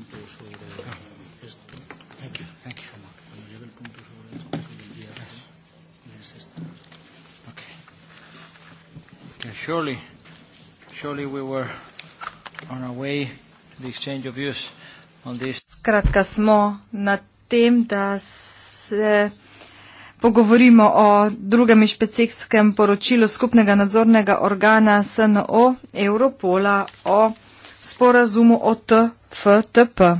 punto sobre ah, esto. Thank you. Thank you. Cuando llegue el punto sobre esto, que el día es esto. Okay. okay. Surely, surely we were on our way to the exchange of views on this. Skratka smo na tem, da se pogovorimo o drugem inšpekcijskem poročilu skupnega nadzornega organa SNO Europola o sporazumu o TFTP.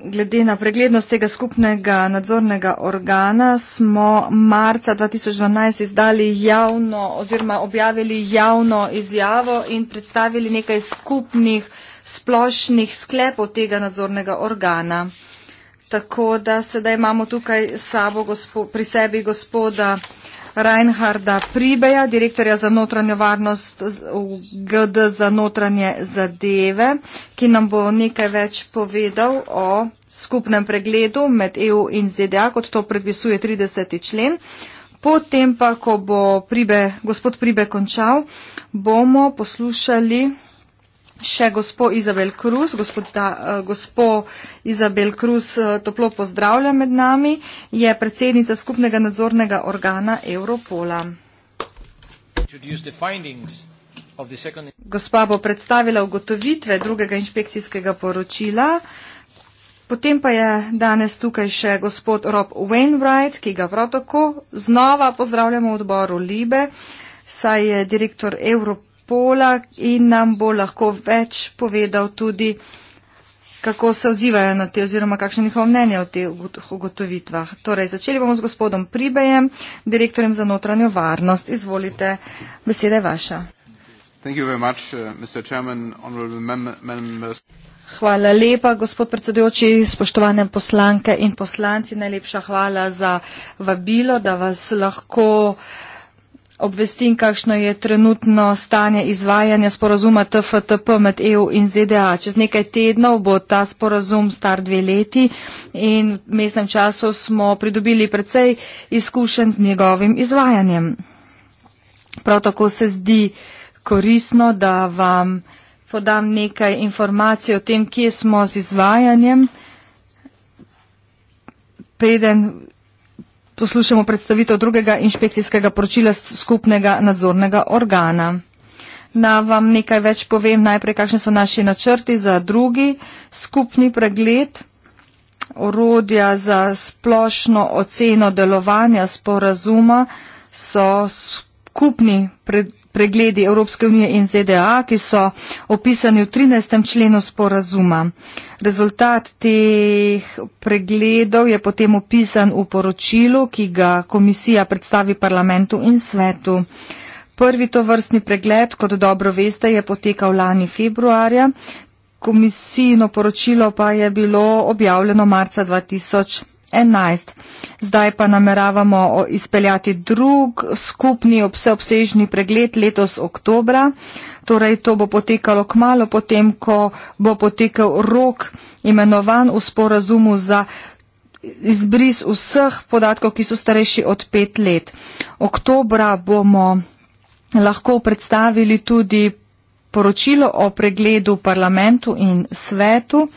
Glede na preglednost tega skupnega nadzornega organa smo marca 2012 izdali javno oziroma objavili javno izjavo in predstavili nekaj skupnih splošnih sklepov tega nadzornega organa. Tako da sedaj imamo tukaj sabo, gospo, pri sebi gospoda uh, Reinharda Pribeja, direktorja za notranjo varnost v GD za notranje zadeve, ki nam bo nekaj več povedal o skupnem pregledu med EU in ZDA, kot to predpisuje 30. člen. Potem pa, ko bo pribe, gospod Pribe končal, bomo poslušali še gospo Izabel Kruz. Gospoda, eh, gospo Izabel Kruz eh, toplo pozdravlja med nami, je predsednica skupnega nadzornega organa Europola. Gospa bo predstavila ugotovitve drugega inšpekcijskega poročila. Potem pa je danes tukaj še gospod Rob Wainwright, ki ga prav tako znova pozdravljamo v odboru Libe, saj je direktor Europola. Pola in nam bo lahko več povedal tudi, kako se odzivajo na te oziroma kakšno njihovo mnenje o teh ugotovitvah. Torej, začeli bomo z gospodom Pribejem, direktorjem za notranjo varnost. Izvolite, beseda je vaša. Much, uh, Chairman, hvala lepa, gospod predsedujoči, spoštovane poslanke in poslanci. Najlepša hvala za vabilo, da vas lahko obvestim, kakšno je trenutno stanje izvajanja sporazuma TFTP med EU in ZDA. Čez nekaj tednov bo ta sporazum star dve leti in v mestnem času smo pridobili precej izkušenj z njegovim izvajanjem. Prav tako se zdi korisno, da vam podam nekaj informacij o tem, kje smo z izvajanjem. Preden poslušamo predstavitev drugega inšpekcijskega poročila skupnega nadzornega organa. Na vam nekaj več povem najprej, kakšne so naši načrti za drugi skupni pregled orodja za splošno oceno delovanja sporazuma so skupni pred, pregledi Evropske unije in ZDA, ki so opisani v 13. členu sporazuma. Rezultat teh pregledov je potem opisan v poročilu, ki ga komisija predstavi parlamentu in svetu. Prvi to vrstni pregled, kot dobro veste, je potekal lani februarja, komisijino poročilo pa je bilo objavljeno marca 2020. 11. Zdaj pa nameravamo izpeljati drug skupni vseobsežni pregled letos oktobra. Torej to bo potekalo k malo potem, ko bo potekal rok imenovan v sporazumu za izbris vseh podatkov, ki so starejši od pet let. Oktobra bomo lahko predstavili tudi poročilo o pregledu parlamentu in svetu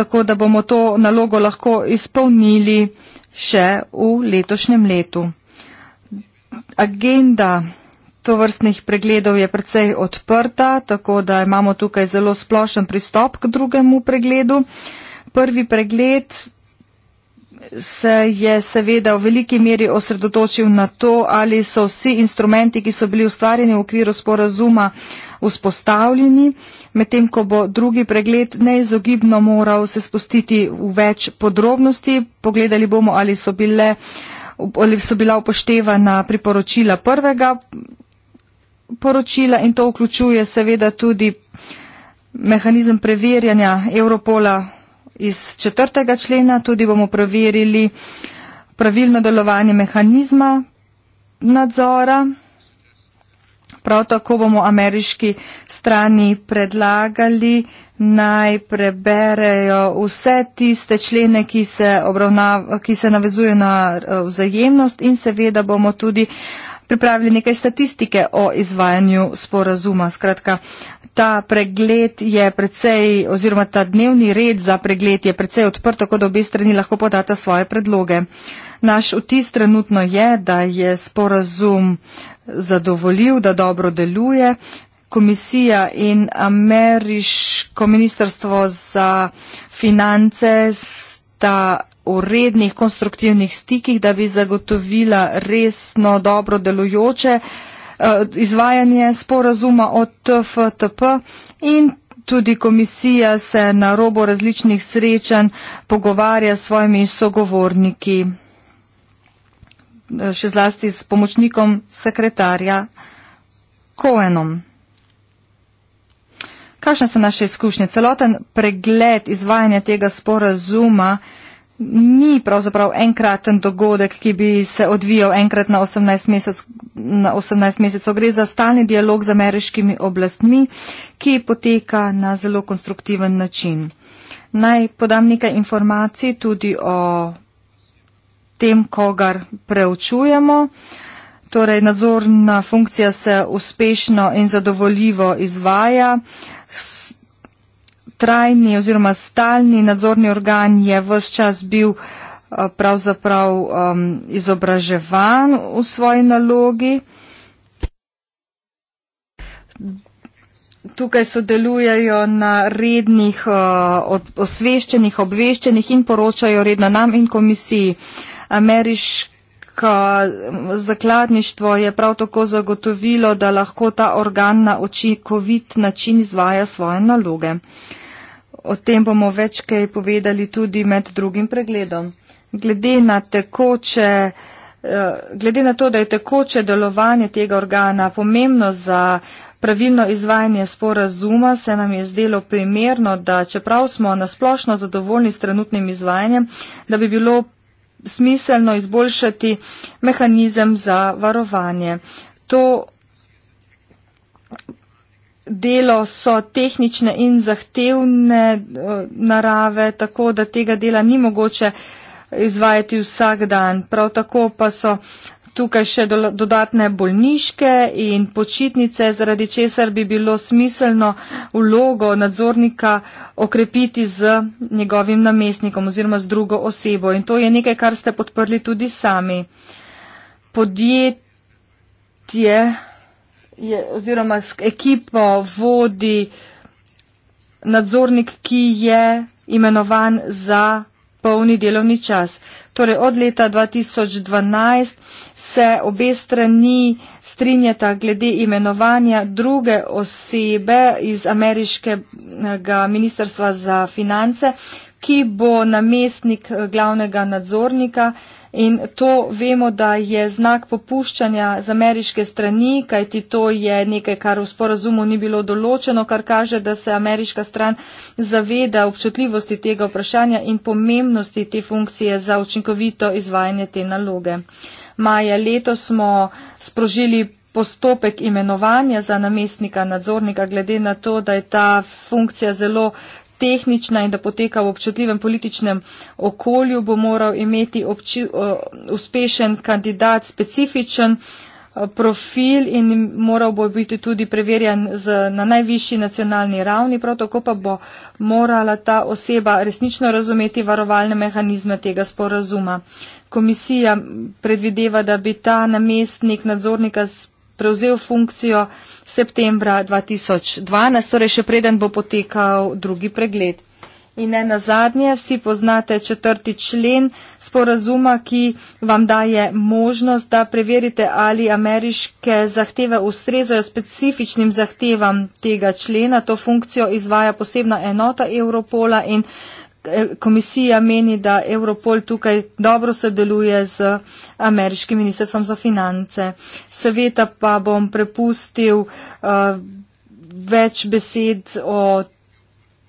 tako da bomo to nalogo lahko izpolnili še v letošnjem letu. Agenda to vrstnih pregledov je precej odprta, tako da imamo tukaj zelo splošen pristop k drugemu pregledu. Prvi pregled se je seveda v veliki meri osredotočil na to, ali so vsi instrumenti, ki so bili ustvarjeni v okviru sporazuma, uh, vzpostavljeni, medtem ko bo drugi pregled neizogibno moral se spustiti v več podrobnosti. Pogledali bomo, ali so, bile, ali so bila upoštevana priporočila prvega poročila in to vključuje seveda tudi mehanizem preverjanja Europola iz četrtega člena. Tudi bomo preverili pravilno delovanje mehanizma nadzora. Prav tako bomo ameriški strani predlagali naj preberejo vse tiste člene, ki se, ki se navezujo na eh, vzajemnost in seveda bomo tudi pripravili nekaj statistike o izvajanju sporazuma. Skratka, ta pregled je precej oziroma ta dnevni red za pregled je precej odprt, tako da obe strani lahko podata svoje predloge. Naš vtis trenutno je, da je sporazum zadovoljiv, da dobro deluje. Komisija in ameriško ministrstvo za finance sta v rednih konstruktivnih stikih, da bi zagotovila resno dobro delujoče eh, izvajanje sporazuma od TFTP in tudi komisija se na robo različnih srečanj pogovarja s svojimi sogovorniki še zlasti s pomočnikom sekretarja Koenom. Kakšne so naše izkušnje? Celoten pregled izvajanja tega sporazuma ni pravzaprav enkraten dogodek, ki bi se odvijal enkrat na 18, mesec, na 18 mesecov. Gre za stalni dialog z ameriškimi oblastmi, ki poteka na zelo konstruktiven način. Naj podam nekaj informacij tudi o tem, kogar preučujemo. Torej, nadzorna funkcija se uspešno in zadovoljivo izvaja. Trajni oziroma stalni nadzorni organ je vse čas bil eh, pravzaprav um, izobraževan v svoji nalogi. Tukaj sodelujejo na rednih uh, osveščenih, obveščenih in poročajo redno nam in komisiji. Uh, ameriško zakladništvo je prav tako zagotovilo, da lahko ta organ na očikovit način izvaja svoje naloge. O tem bomo večkaj povedali tudi med drugim pregledom. Glede na, tekoče, eh, glede na to, da je tekoče delovanje tega organa pomembno za pravilno izvajanje sporazuma, se nam je zdelo primerno, da čeprav smo nasplošno zadovoljni s trenutnim izvajanjem, da bi bilo smiselno izboljšati mehanizem za varovanje. To delo so tehnične in zahtevne eh, narave, tako da tega dela ni mogoče izvajati vsak dan. Prav tako pa so tukaj še do, dodatne bolniške in počitnice, zaradi česar bi bilo smiselno vlogo nadzornika okrepiti z njegovim namestnikom oziroma z drugo osebo. In to je nekaj, kar ste podprli tudi sami. Podjetje je, oziroma ekipo vodi nadzornik, ki je imenovan za polni delovni čas torej od leta 2012 se obe strani strinjata glede imenovanja druge osebe iz ameriškega ministrstva za finance, ki bo namestnik eh, glavnega nadzornika In to vemo, da je znak popuščanja z ameriške strani, kajti to je nekaj, kar v sporazumu ni bilo določeno, kar kaže, da se ameriška stran zaveda občutljivosti tega vprašanja in pomembnosti te funkcije za učinkovito izvajanje te naloge. Maja leto smo sprožili postopek imenovanja za namestnika nadzornika, glede na to, da je ta funkcija zelo tehnična in da poteka v občutljivem političnem okolju, bo moral imeti obči, uh, uspešen kandidat specifičen eh, profil in moral bo biti tudi preverjan z, na najvišji nacionalni ravni, prav tako pa bo morala ta oseba resnično razumeti varovalne mehanizme tega sporazuma. Komisija predvideva, da bi ta namestnik nadzornika prevzel funkcijo septembra 2012, torej še preden bo potekal drugi pregled. In ne na zadnje, vsi poznate četrti člen sporazuma, ki vam daje možnost, da preverite, ali ameriške zahteve ustrezajo specifičnim zahtevam tega člena. To funkcijo izvaja posebna enota Europola in komisija meni, da Europol tukaj dobro sodeluje z ameriškim ministrstvom za finance. Seveda pa bom prepustil uh, več besed o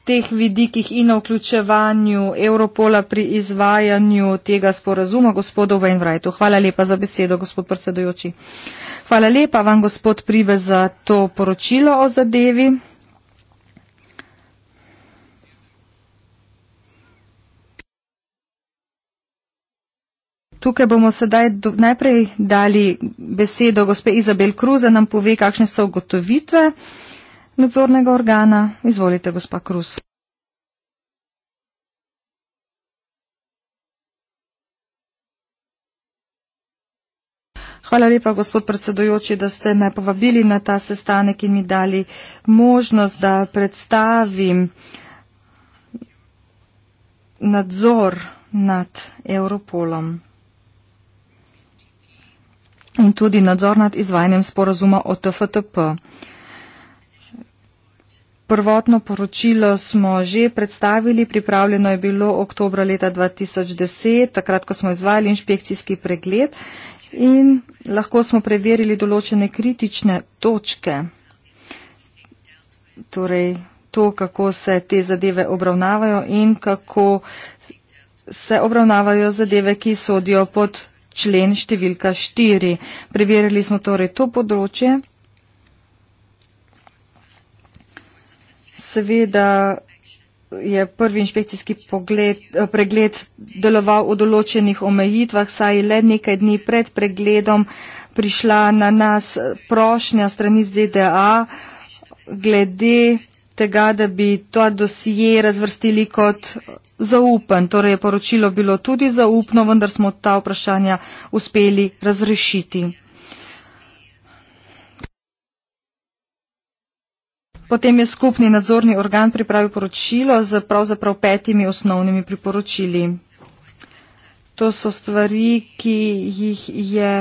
teh vidikih in o vključevanju Europola pri izvajanju tega sporazuma gospodu Weinreitu. Hvala lepa za besedo, gospod predsedujoči. Hvala lepa vam, gospod Prive, za to poročilo o zadevi. Tukaj bomo sedaj do, najprej dali besedo gospe Izabel Kruze, nam pove, kakšne so ugotovitve nadzornega organa. Izvolite, gospa Kruz. Hvala lepa, gospod predsedojoči, da ste me povabili na ta sestanek in mi dali možnost, da predstavim nadzor nad Europolom in tudi nadzor nad izvajanjem sporazuma o TFTP. Prvotno poročilo smo že predstavili, pripravljeno je bilo oktobra leta 2010, takrat, ko smo izvajali inšpekcijski pregled in lahko smo preverili določene kritične točke. Torej, to, kako se te zadeve obravnavajo in kako se obravnavajo zadeve, ki sodijo pod člen številka 4. Preverili smo torej to področje. Seveda je prvi inšpekcijski pogled, eh, pregled deloval v določenih omejitvah, saj le nekaj dni pred pregledom prišla na nas prošnja strani ZDA glede tega, da bi to dosije razvrstili kot zaupen. Torej je poročilo bilo tudi zaupno, vendar smo ta vprašanja uspeli razrešiti. Potem je skupni nadzorni organ pripravil poročilo z pravzaprav petimi osnovnimi priporočili. To so stvari, ki jih je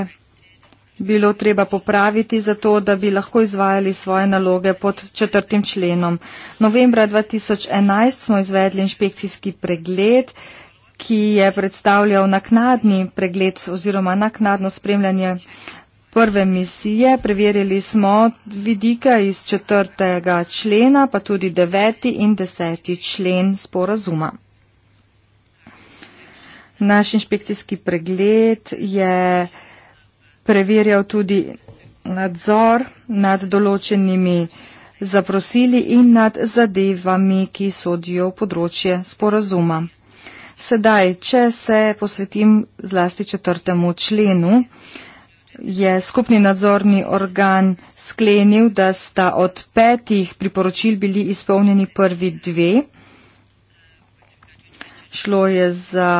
bilo treba popraviti, zato da bi lahko izvajali svoje naloge pod četrtim členom. Novembra 2011 smo izvedli inšpekcijski pregled, ki je predstavljal naknadni pregled oziroma naknadno spremljanje prve misije. Preverili smo vidika iz četrtega člena, pa tudi deveti in deseti člen sporazuma. Naš inšpekcijski pregled je preverjal tudi nadzor nad določenimi zaprosili in nad zadevami, ki sodijo v področje sporazuma. Sedaj, če se posvetim zlasti četrtemu členu, je skupni nadzorni organ sklenil, da sta od petih priporočil bili izpolnjeni prvi dve. Šlo je za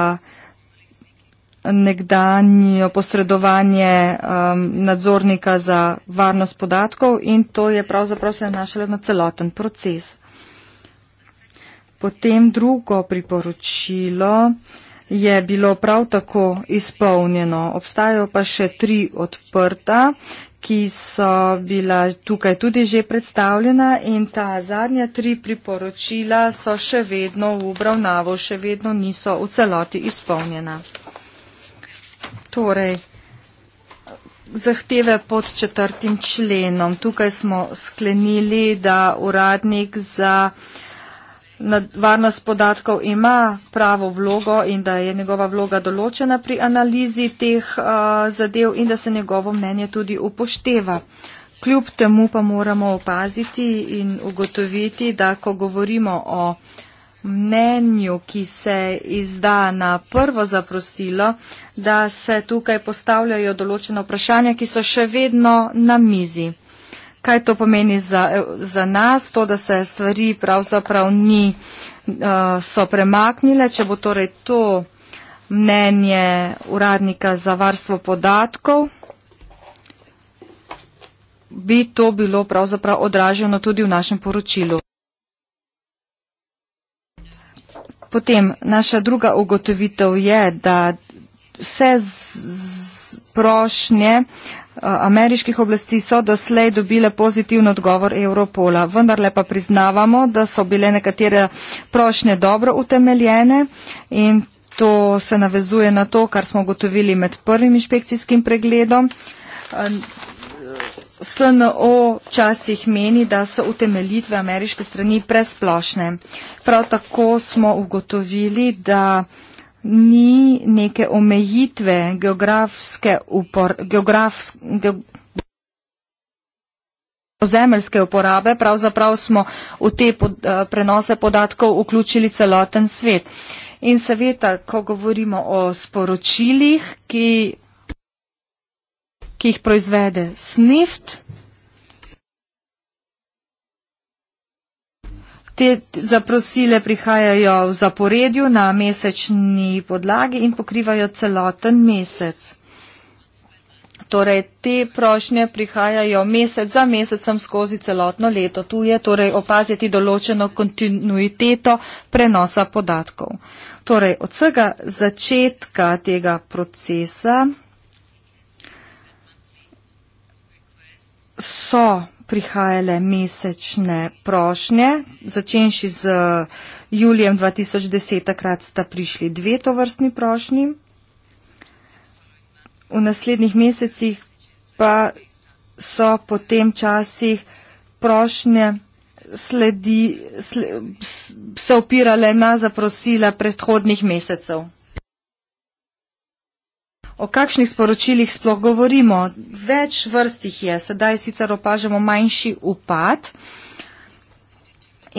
nekdanje posredovanje um, nadzornika za varnost podatkov in to je pravzaprav se nanašalo na celoten proces. Potem drugo priporočilo je bilo prav tako izpolnjeno. Obstajajo pa še tri odprta, ki so bila tukaj tudi že predstavljena in ta zadnja tri priporočila so še vedno v obravnavo, še vedno niso v celoti izpolnjena. Torej, zahteve pod četrtim členom. Tukaj smo sklenili, da uradnik za varnost podatkov ima pravo vlogo in da je njegova vloga določena pri analizi teh uh, zadev in da se njegovo mnenje tudi upošteva. Kljub temu pa moramo opaziti in ugotoviti, da ko govorimo o mnenju, ki se izda na prvo zaprosilo, da se tukaj postavljajo določene vprašanja, ki so še vedno na mizi. Kaj to pomeni za, za nas, to, da se stvari pravzaprav ni, eh, so premaknile, če bo torej to mnenje uradnika za varstvo podatkov, bi to bilo pravzaprav odraženo tudi v našem poročilu. Potem naša druga ugotovitev je, da vse prošnje eh, ameriških oblasti so doslej dobile pozitivno odgovor Europola. Vendar le pa priznavamo, da so bile nekatere prošnje dobro utemeljene in to se navezuje na to, kar smo ugotovili med prvim inšpekcijskim pregledom. Eh, SNO včasih meni, da so utemeljitve ameriške strani presplošne. Prav tako smo ugotovili, da ni neke omejitve geografske upor, geografske. Ge Ozemeljske uporabe, pravzaprav smo v te pod, eh, prenose podatkov vključili celoten svet. In seveda, ko govorimo o sporočilih, ki ki jih proizvede SNIFT. Te zaprosile prihajajo v zaporedju na mesečni podlagi in pokrivajo celoten mesec. Torej, te prošnje prihajajo mesec za mesecem skozi celotno leto. Tu je torej opaziti določeno kontinuiteto prenosa podatkov. Torej, od vsega začetka tega procesa. so prihajale mesečne prošnje, začenši z eh, julijem 2010, takrat sta prišli dve tovrstni prošnji. V naslednjih mesecih pa so po tem časih prošnje sledi, sle, se opirale na zaprosila predhodnih mesecev. O kakšnih sporočilih sploh govorimo? Več vrstih je, sedaj sicer opažamo manjši upad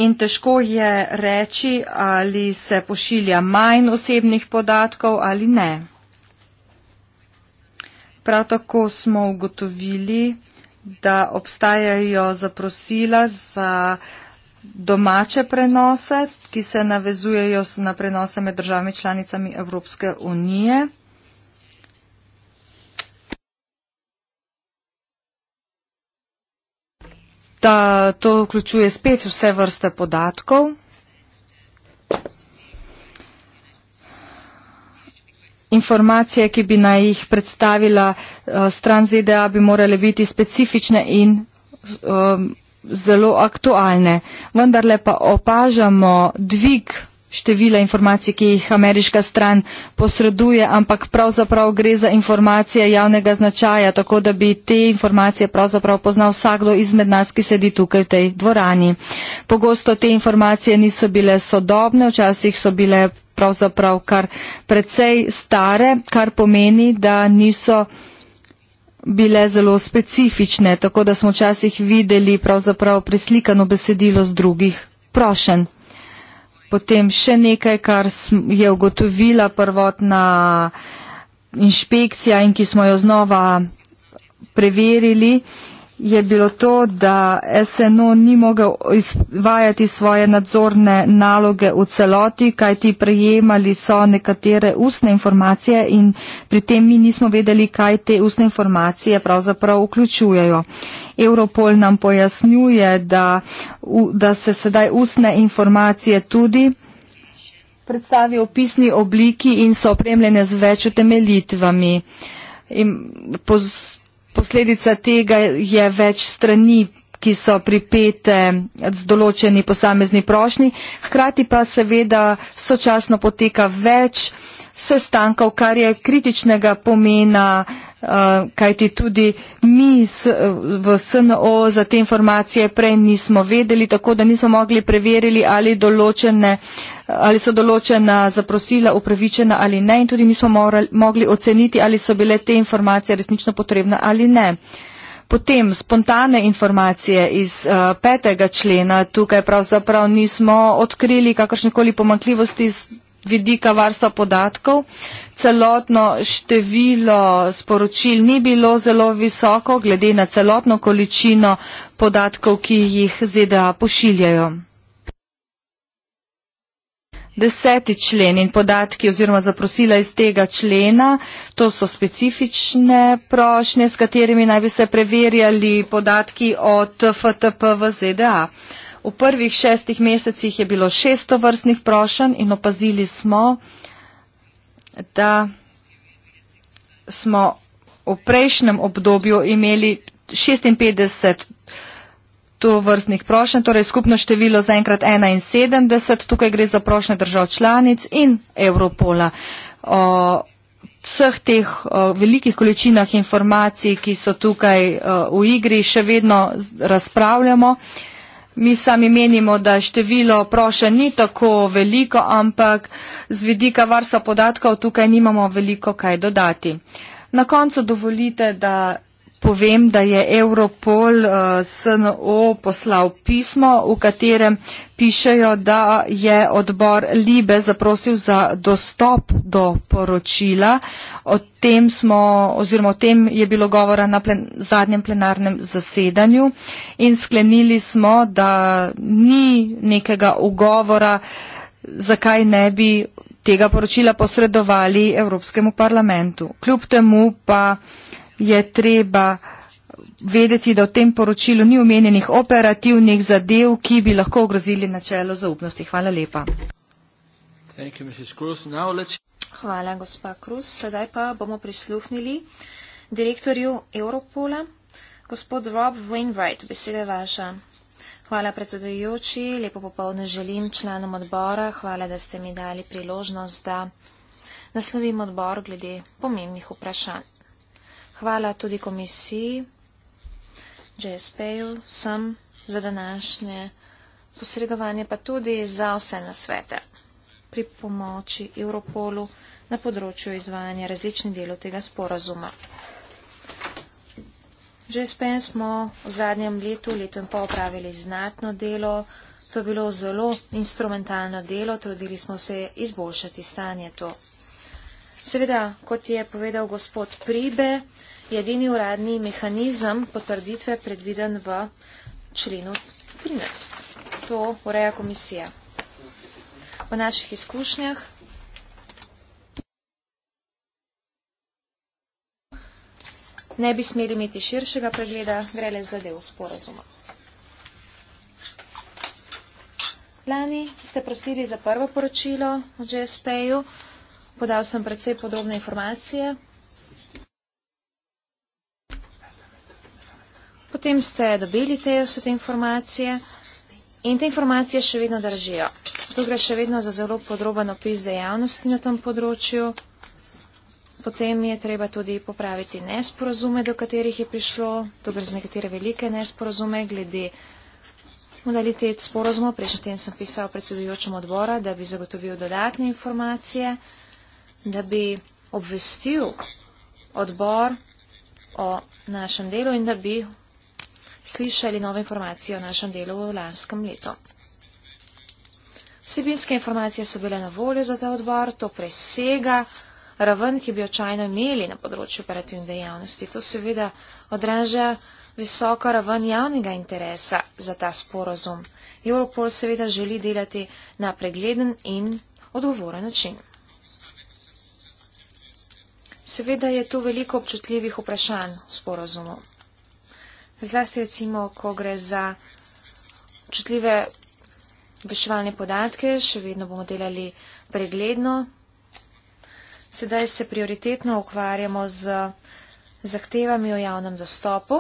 in težko je reči, ali se pošilja manj osebnih podatkov ali ne. Prav tako smo ugotovili, da obstajajo zaprosila za domače prenose, ki se navezujejo na prenose med državami članicami Evropske unije. da to vključuje spet vse vrste podatkov. Informacije, ki bi naj jih predstavila eh, stran ZDA, bi morale biti specifične in eh, zelo aktualne. Vendar le pa opažamo dvig informacij, števila informacij, ki jih ameriška stran posreduje, ampak pravzaprav gre za informacije javnega značaja, tako da bi te informacije pravzaprav poznal vsakdo izmed nas, ki sedi tukaj v tej dvorani. Pogosto te informacije niso bile sodobne, včasih so bile pravzaprav kar precej stare, kar pomeni, da niso bile zelo specifične, tako da smo včasih videli pravzaprav preslikano besedilo z drugih prošen. Potem še nekaj, kar je ugotovila prvotna inšpekcija in ki smo jo znova preverili, je bilo to, da SNO ni mogel izvajati svoje nadzorne naloge v celoti, kaj ti prejemali so nekatere ustne informacije in pri tem mi nismo vedeli, kaj te ustne informacije pravzaprav vključujejo. Europol nam pojasnjuje, da, da se sedaj ustne informacije tudi predstavijo v pisni obliki in so opremljene z več utemelitvami. In Posledica tega je več strani, ki so pripete z določeni posamezni prošnji, hkrati pa seveda sočasno poteka več sestankov, kar je kritičnega pomena, eh, kajti tudi mi v SNO za te informacije prej nismo vedeli, tako da nismo mogli preveriti, ali, ali so določena zaprosila upravičena ali ne in tudi nismo mogli oceniti, ali so bile te informacije resnično potrebne ali ne. Potem spontane informacije iz uh, petega člena, tukaj pravzaprav nismo odkrili kakršnekoli pomankljivosti vidika varstva podatkov. Celotno število sporočil ni bilo zelo visoko, glede na celotno količino podatkov, ki jih ZDA pošiljajo. Deseti člen in podatki oziroma zaprosila iz tega člena, to so specifične prošnje, s katerimi naj bi se preverjali podatki od FTP v ZDA. V prvih šestih mesecih je bilo 600 vrstnih prošen in opazili smo, da smo v prejšnjem obdobju imeli 56 to vrstnih prošen, torej skupno število zaenkrat 71, tukaj gre za prošne držav članic in Evropola. O vseh teh o, velikih količinah informacij, ki so tukaj o, v igri, še vedno razpravljamo. O, Mi sami menimo, da število prošen ni tako veliko, ampak z vidika varstva podatkov tukaj nimamo veliko kaj dodati. Na koncu dovolite, da povem, da je Europol uh, eh, SNO poslal pismo, v katerem pišejo, da je odbor Libe zaprosil za dostop do poročila. O tem, smo, oziroma o tem je bilo govora na plen, zadnjem plenarnem zasedanju in sklenili smo, da ni nekega ugovora, zakaj ne bi tega poročila posredovali Evropskemu parlamentu. Kljub temu pa je treba vedeti, da v tem poročilu ni omenjenih operativnih zadev, ki bi lahko ogrozili načelo zaupnosti. Hvala lepa. You, Hvala, gospa Kruz. Sedaj pa bomo prisluhnili direktorju Europola, gospod Rob Wainwright. Beseda vaša. Hvala predsedujoči, lepo popovdne želim članom odbora. Hvala, da ste mi dali priložnost, da naslovim odbor glede pomembnih vprašanj hvala tudi komisiji, JSP-ju, vsem za današnje posredovanje, pa tudi za vse nasvete pri pomoči Europolu na področju izvajanja različnih delov tega sporazuma. JSP smo v zadnjem letu, letu in pol, opravili znatno delo. To je bilo zelo instrumentalno delo, trudili smo se izboljšati stanje to. Seveda, kot je povedal gospod Pribe, je edini uradni mehanizem potrditve predviden v členu 13. To ureja komisija. V naših izkušnjah. Ne bi smeli imeti širšega pregleda, gre le za del sporozuma. Lani ste prosili za prvo poročilo o GSP-ju podal sem predvsej podrobne informacije. Potem ste dobili te vse te informacije in te informacije še vedno držijo. Tu gre še vedno za zelo podroben opis dejavnosti na tom področju. Potem je treba tudi popraviti nesporazume, do katerih je prišlo. Tu gre za nekatere velike nesporazume glede modalitet sporozumov. Prejšnji teden sem pisal predsedujočemu odbora, da bi zagotovil dodatne informacije da bi obvestil odbor o našem delu in da bi slišali nove informacije o našem delu v lanskem letu. Vsebinske informacije so bile na voljo za ta odbor, to presega raven, ki bi očajno imeli na področju operativne dejavnosti. To seveda odraža visoko raven javnega interesa za ta sporozum. Europol seveda želi delati na pregleden in odgovoren način. Seveda je tu veliko občutljivih vprašanj v sporozumu. Zlasti recimo, ko gre za občutljive obveščevalne podatke, še vedno bomo delali pregledno. Sedaj se prioritetno ukvarjamo z zahtevami o javnem dostopu.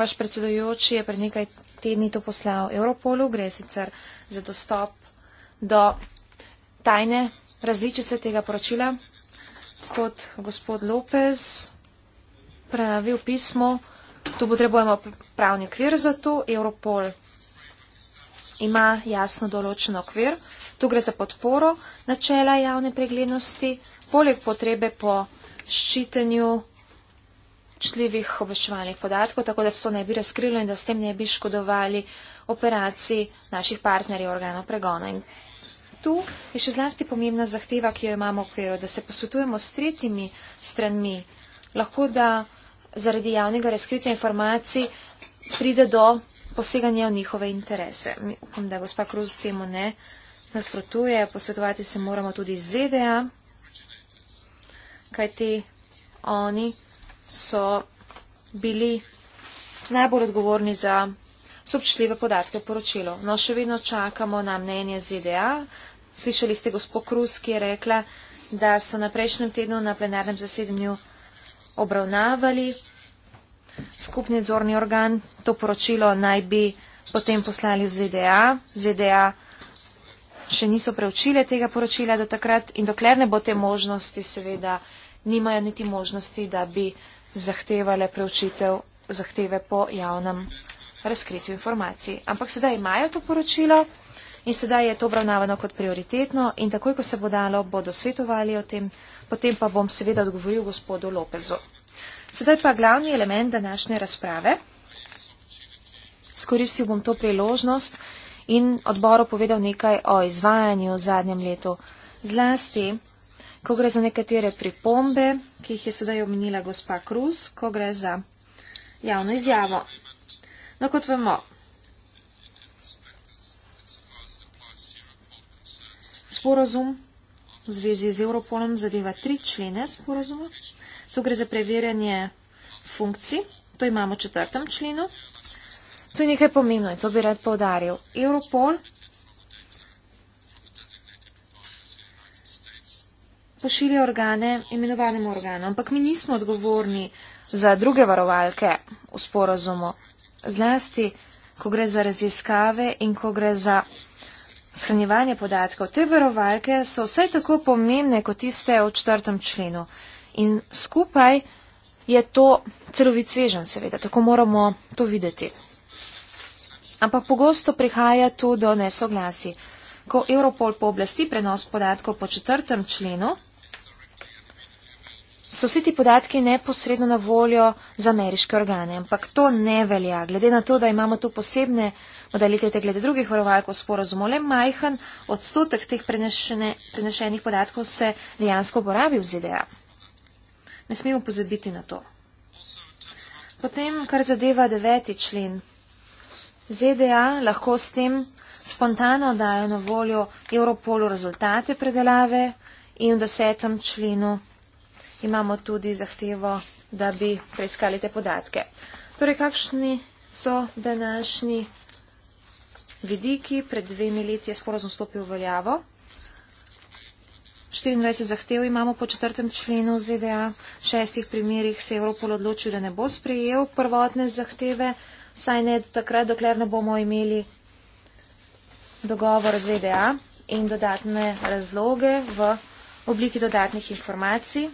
Vaš predsedojoči je pred nekaj tedni to poslal Europolu, gre sicer za dostop do tajne različice tega poročila, kot gospod Lopez pravi v pismu, tu potrebujemo pravni okvir za to, Europol ima jasno določen okvir, tu gre za podporo načela javne preglednosti, poleg potrebe po ščitenju čtljivih obveščevalnih podatkov, tako da se to ne bi razkrilo in da s tem ne bi škodovali operaciji naših partnerjev organov pregona in tu je še zlasti pomembna zahteva, ki jo imamo v okviru, da se posvetujemo s tretjimi stranmi. Lahko da zaradi javnega razkritja informacij pride do poseganja v njihove interese. Upam, da gospa Kruz temu ne nasprotuje. Posvetovati se moramo tudi z ZDA, kajti oni so bili najbolj odgovorni za so prišli v podatke poročilo. No, še vedno čakamo na mnenje ZDA. Slišali ste gospod Krus, ki je rekla, da so na prejšnjem tednu na plenarnem zasedanju obravnavali skupni nadzorni organ. To poročilo naj bi potem poslali v ZDA. ZDA še niso preučile tega poročila do takrat in dokler ne bo te možnosti, seveda nimajo niti možnosti, da bi zahtevale preučitev zahteve po javnem razkritju informacij. Ampak sedaj imajo to poročilo in sedaj je to obravnavano kot prioritetno in takoj, ko se bo dalo, bodo svetovali o tem, potem pa bom seveda odgovoril gospodu Lopezu. Sedaj pa glavni element današnje razprave. Skoristil bom to priložnost in odboru povedal nekaj o izvajanju v zadnjem letu. Zlasti, ko gre za nekatere pripombe, ki jih je sedaj omenila gospa Kruz, ko gre za javno izjavo. No kot vemo, sporozum v zvezi z Europolom zadeva tri člene sporozuma. Tu gre za preverjanje funkcij, to imamo v četrtem členu. To je nekaj pomembno in to bi rad povdaril. Europol pošilja organe imenovanemu organu, ampak mi nismo odgovorni za druge varovalke v sporozumu zlasti, ko gre za raziskave in ko gre za shranjevanje podatkov. Te verovalke so vsaj tako pomembne kot tiste v četrtem členu. In skupaj je to celovit svežen, seveda, tako moramo to videti. Ampak pogosto prihaja tu do nesoglasi. Ko Europol pooblasti prenos podatkov po četrtem členu, so vsi ti podatki neposredno na voljo za ameriške organe, ampak to ne velja. Glede na to, da imamo tu posebne modalitete glede drugih varovalk v sporozumu, le majhen odstotek teh prenešenih podatkov se dejansko uporabi v ZDA. Ne smemo pozabiti na to. Potem, kar zadeva deveti člen. ZDA lahko s tem spontano dajo na voljo Europolu rezultate predelave in v desetem členu imamo tudi zahtevo, da bi preiskali te podatke. Torej, kakšni so današnji vidiki? Pred dvemi leti je sporozum stopil v veljavo. 24 zahtev imamo po četrtem členu ZDA. V šestih primerjih se je Evropol odločil, da ne bo sprejel prvotne zahteve, saj ne takrat, dokler ne bomo imeli dogovor ZDA in dodatne razloge v obliki dodatnih informacij.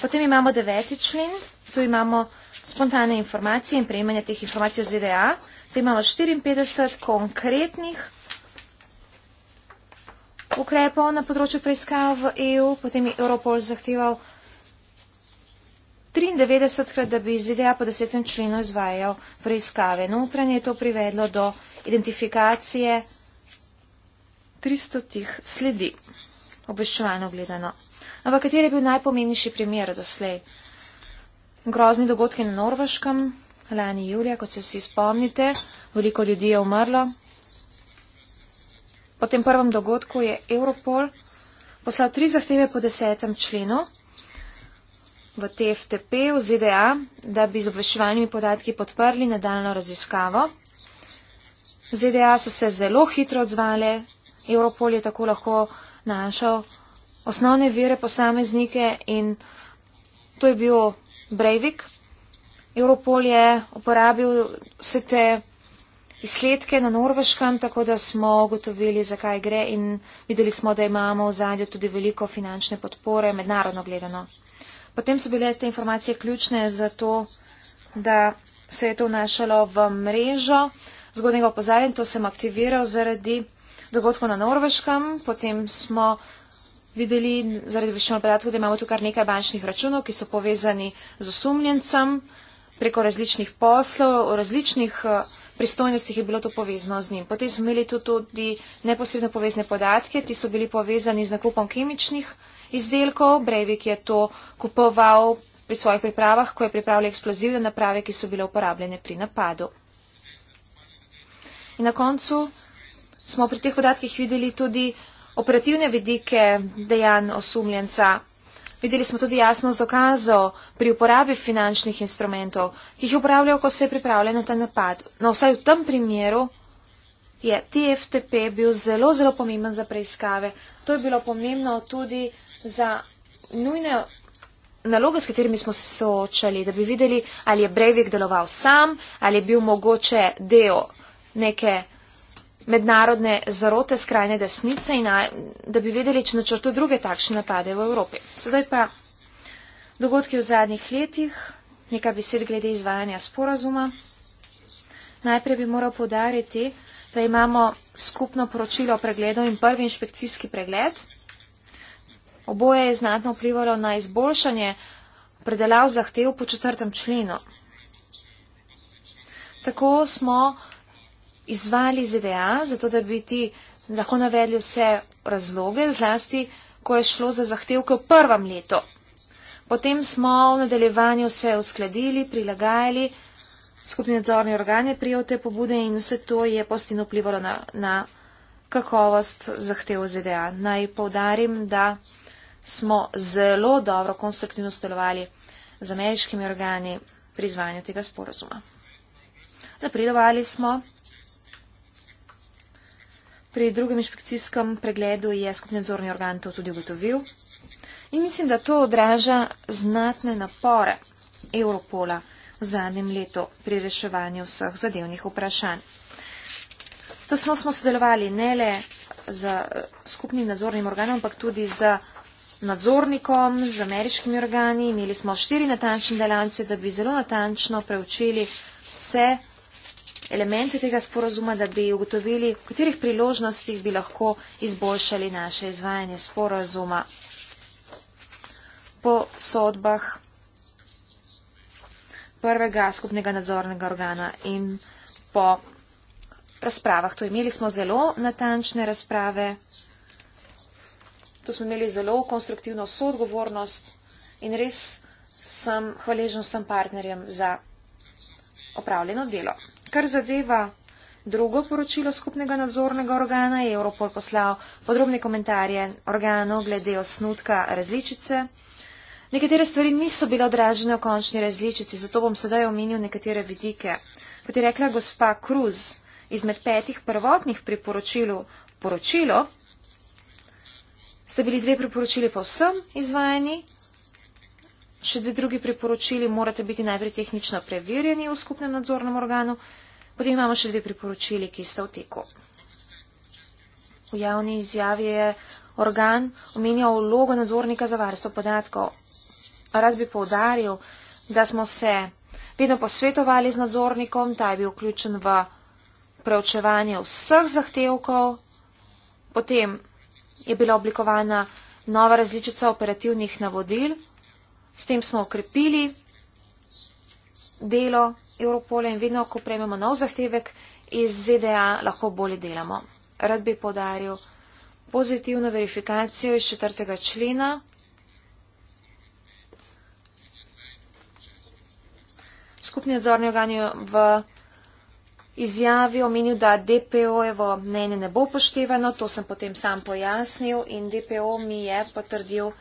Potem imamo deveti člen, tu imamo spontane informacije in prejemanje teh informacij v ZDA. Tu imamo 54 konkretnih ukrepov na področju preiskav v EU, potem je Europol zahteval 93 krat, da bi ZDA po desetem členu izvajal preiskave. Notranje je to privedlo do identifikacije 300 sledi, obveščevalno gledano. Ampak kateri je bil najpomembnejši primer doslej? Grozni dogodki na Norveškem, lani julija, kot se vsi spomnite, veliko ljudi je umrlo. Po tem prvem dogodku je Europol poslal tri zahteve po desetem členu v TFTP v ZDA, da bi z obveščevalnimi podatki podprli nadaljno raziskavo. ZDA so se zelo hitro odzvale, Europol je tako lahko našel osnovne vere posameznike in to je bil Breivik. Europol je uporabil vse te izsledke na norveškem, tako da smo ugotovili, zakaj gre in videli smo, da imamo v zadju tudi veliko finančne podpore, mednarodno gledano. Potem so bile te informacije ključne za to, da se je to vnašalo v mrežo. Zgodnjega opozarjanja, to sem aktiviral zaradi dogodkov na norveškem, potem smo videli, zaradi zvečnega podatka, da imamo tu kar nekaj bančnih računov, ki so povezani z osumljencem preko različnih poslov, v različnih eh, pristojnostih je bilo to povezano z njim. Potem smo imeli tu tudi neposredno povezne podatke, ti so bili povezani z nakupom kemičnih izdelkov. Brevik je to kupoval pri svojih pripravah, ko je pripravljal eksplozivne naprave, ki so bile uporabljene pri napadu. In na koncu smo pri teh podatkih videli tudi operativne vidike dejanj osumljenca. Videli smo tudi jasnost dokazov pri uporabi finančnih instrumentov, ki jih uporabljajo, ko se je pripravljen na ta napad. No, vsaj v tem primeru je TFTP bil zelo, zelo pomemben za preiskave. To je bilo pomembno tudi za nujne naloge, s katerimi smo se soočali, da bi videli, ali je Brevik deloval sam, ali je bil mogoče del neke mednarodne zarote skrajne desnice in da bi vedeli, če načrtujejo druge takšne napade v Evropi. Sedaj pa dogodki v zadnjih letih, nekaj besed glede izvajanja sporazuma. Najprej bi moral podariti, da imamo skupno poročilo o pregledu in prvi inšpekcijski pregled. Oboje je znatno vplivalo na izboljšanje predelav zahtev po četrtem členu. Tako smo izvali ZDA, zato da bi ti lahko navedli vse razloge, zlasti, ko je šlo za zahtevke v prvem letu. Potem smo v nadaljevanju vse uskladili, prilagajali, skupni nadzorni organ je prijel te pobude in vse to je postino vplivalo na, na kakovost zahtev ZDA. Naj povdarim, da smo zelo dobro konstruktivno stelovali z ameriškimi organi pri izvanju tega sporozuma. Napredovali smo. Pri drugem inšpekcijskem pregledu je skupni nadzorni organ to tudi ugotovil. In mislim, da to odraža znatne napore Europola v zadnjem letu pri reševanju vseh zadevnih vprašanj. Tesno smo sodelovali ne le z eh, skupnim nadzornim organom, ampak tudi z nadzornikom, z ameriškimi organi. Imeli smo štiri natančne delance, da bi zelo natančno preučili vse elemente tega sporozuma, da bi ugotovili, v katerih priložnostih bi lahko izboljšali naše izvajanje sporozuma. Po sodbah prvega skupnega nadzornega organa in po razpravah. To imeli smo zelo natančne razprave, to smo imeli zelo konstruktivno soodgovornost in res sem hvaležen sem partnerjem za opravljeno delo kar zadeva drugo poročilo skupnega nadzornega organa, je Europol poslal podrobne komentarje organov glede osnutka različice. Nekatere stvari niso bile odražene v končni različici, zato bom sedaj omenil nekatere vidike. Kot je rekla gospa Cruz, izmed petih prvotnih priporočil poročilo, sta bili dve priporočili povsem izvajeni, še dve drugi priporočili morate biti najprej tehnično preverjeni v skupnem nadzornem organu, Potem imamo še dve priporočili, ki sta v teku. V javni izjavi je organ omenjal vlogo nadzornika za varstvo podatkov. Rad bi povdaril, da smo se vedno posvetovali z nadzornikom, ta je bil vključen v preučevanje vseh zahtevkov, potem je bila oblikovana nova različica operativnih navodil, s tem smo okrepili delo Evropole in vedno, ko prejmemo nov zahtevek iz ZDA, lahko bolje delamo. Rad bi podaril pozitivno verifikacijo iz četrtega člena. Skupni nadzorni organi v izjavi omenil, da DPO-evo mnenje ne bo upoštevano, to sem potem sam pojasnil in DPO mi je potrdil,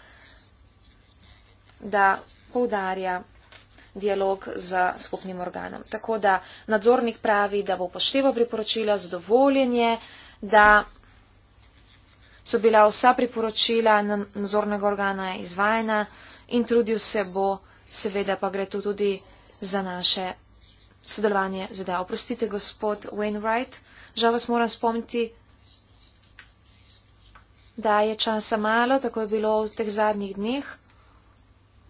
da poudarja dialog z skupnim organom. Tako da nadzornik pravi, da bo pošteval priporočila, zadovoljen je, da so bila vsa priporočila nadzornega organa izvajena in trudil se bo, seveda pa gre tu tudi za naše sodelovanje ZDA. E Oprostite, gospod Wainwright, žal vas moram spomniti, da je časa malo, tako je bilo v teh zadnjih dneh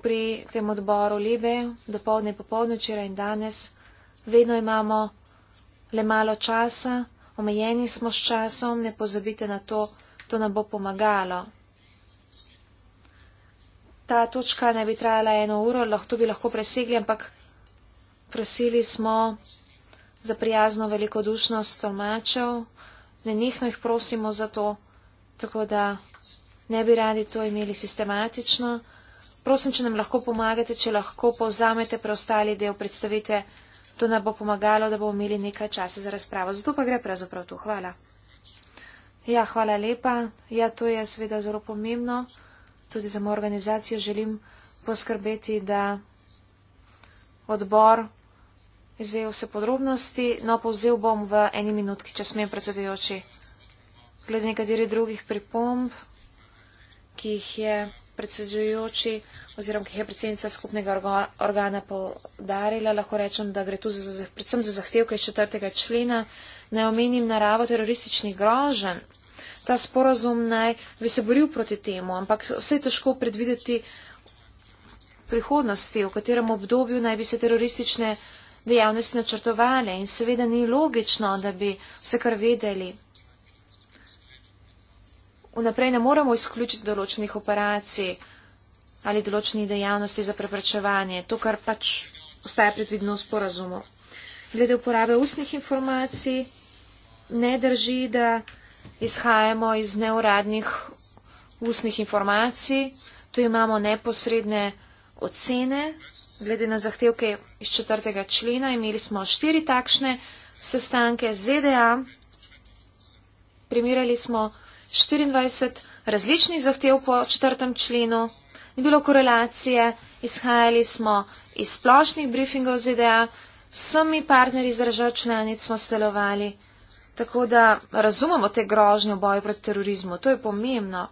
pri tem odboru Lebe, dopoledne, popoldne, včeraj in danes. Vedno imamo le malo časa, omejeni smo s časom, ne pozabite na to, to nam bo pomagalo. Ta točka naj bi trajala eno uro, lahko bi lahko presegli, ampak prosili smo za prijazno velikodušnost tolmačev, ne njihno jih prosimo za to, tako da ne bi radi to imeli sistematično. Prosim, če nam lahko pomagate, če lahko povzamete preostali del predstavitve. To nam bo pomagalo, da bomo imeli nekaj časa za razpravo. Zato pa gre pravzaprav tu. Hvala. Ja, hvala lepa. Ja, to je seveda zelo pomembno. Tudi za mojo organizacijo želim poskrbeti, da odbor izve vse podrobnosti. No, povzel bom v eni minutki, če smem predsedujoči. Glede nekaterih drugih pripomb, ki jih je predsedujoči oziroma ki jih je predsednica skupnega organa podarila, lahko rečem, da gre tu za, predvsem za zahtevke četrtega člena, ne omenim naravo terorističnih grožen. Ta sporazum naj bi se boril proti temu, ampak vse je težko predvideti prihodnosti, v katerem obdobju naj bi se teroristične dejavnosti načrtovali in seveda ni logično, da bi vse kar vedeli vnaprej ne moremo izključiti določenih operacij ali določenih dejavnosti za preprečevanje, to kar pač ostaje predvidno v sporazumu. Glede uporabe ustnih informacij, ne drži, da izhajamo iz neuradnih ustnih informacij, tu imamo neposredne ocene, glede na zahtevke iz četrtega člena, imeli smo štiri takšne sestanke z ZDA, primirali smo 24 različnih zahtev po četrtem členu, ni bilo korelacije, izhajali smo iz splošnih briefingov ZDA, vsemi partnerji z držav članic smo sodelovali, tako da razumemo te grožnje v boju proti terorizmu, to je pomembno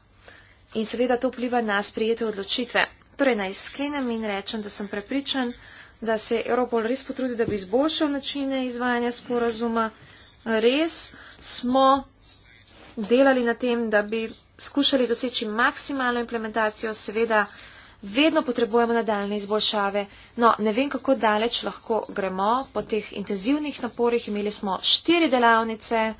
in seveda to vpliva na sprijete odločitve. Torej naj sklenem in rečem, da sem prepričan, da se Europol res potrudi, da bi izboljšal načine izvajanja sporazuma. Res smo delali na tem, da bi skušali doseči maksimalno implementacijo, seveda vedno potrebujemo nadaljne izboljšave. No, ne vem, kako daleč lahko gremo po teh intenzivnih naporih. Imeli smo štiri delavnice,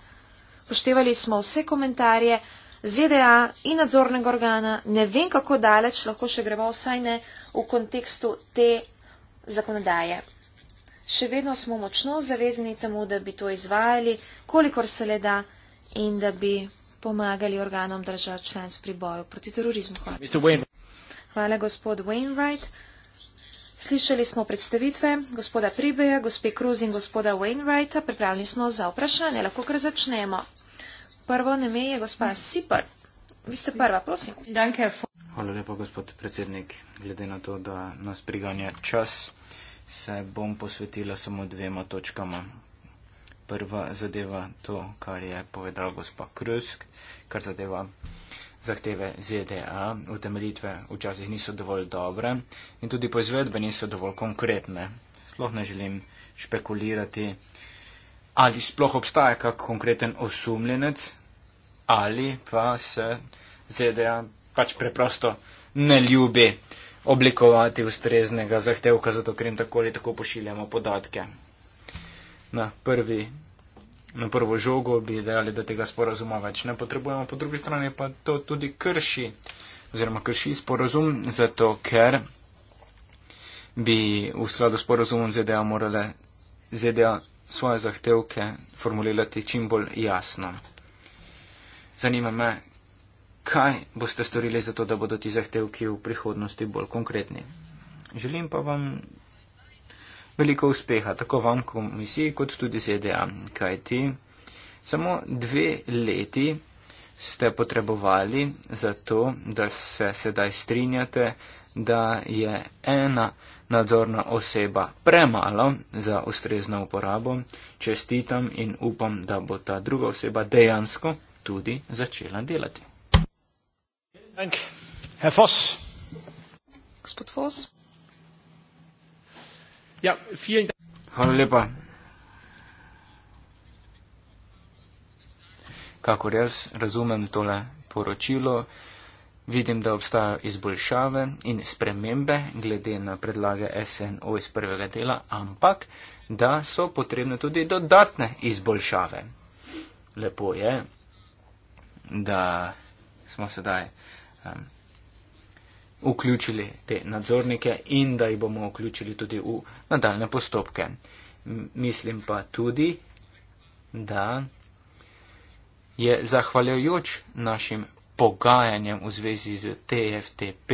poštevali smo vse komentarje ZDA in nadzornega organa. Ne vem, kako daleč lahko še gremo, vsaj ne v kontekstu te zakonodaje. Še vedno smo močno zavezani temu, da bi to izvajali, kolikor se le da in da bi pomagali organom držav članc pri boju proti terorizmu. Hvala, gospod Wainwright. Slišali smo predstavitve gospoda Pribeja, gospe Cruz in gospoda Wainwrighta. Pripravljeni smo za vprašanje. Lahko kar začnemo. Prvo neme je gospa Sipar. Vi ste prva, prosim. Hvala lepa, gospod predsednik. Glede na to, da nas priganja čas, se bom posvetila samo dvema točkama prva zadeva to, kar je povedal gospa Krusk, kar zadeva zahteve ZDA. Utemeljitve včasih niso dovolj dobre in tudi po izvedbi niso dovolj konkretne. Sploh ne želim špekulirati, ali sploh obstaja kak konkreten osumljenec ali pa se ZDA pač preprosto ne ljubi oblikovati ustreznega zahtevka, zato ker jim tako ali tako pošiljamo podatke na, prvi, na prvo žogo, bi dejali, da tega sporazuma več ne potrebujemo, po drugi strani pa to tudi krši, oziroma krši sporazum, zato ker bi v skladu s sporazumom ZDA morale ZDA svoje zahtevke formulirati čim bolj jasno. Zanima me, kaj boste storili za to, da bodo ti zahtevki v prihodnosti bolj konkretni. Želim pa vam veliko uspeha, tako vam komisiji, kot tudi ZDA. Kaj ti? Samo dve leti ste potrebovali za to, da se sedaj strinjate, da je ena nadzorna oseba premalo za ustrezno uporabo. Čestitam in upam, da bo ta druga oseba dejansko tudi začela delati. Gospod Vos. Ja, vielen Dank. Hvala lepa. Kakor jaz razumem tole poročilo, vidim, da obstajajo izboljšave in spremembe glede na predlage SNO iz prvega dela, ampak da so potrebne tudi dodatne izboljšave. Lepo je, da smo sedaj. Um, vključili te nadzornike in da jih bomo vključili tudi v nadaljne postopke. Mislim pa tudi, da je zahvaljujoč našim pogajanjem v zvezi z TFTP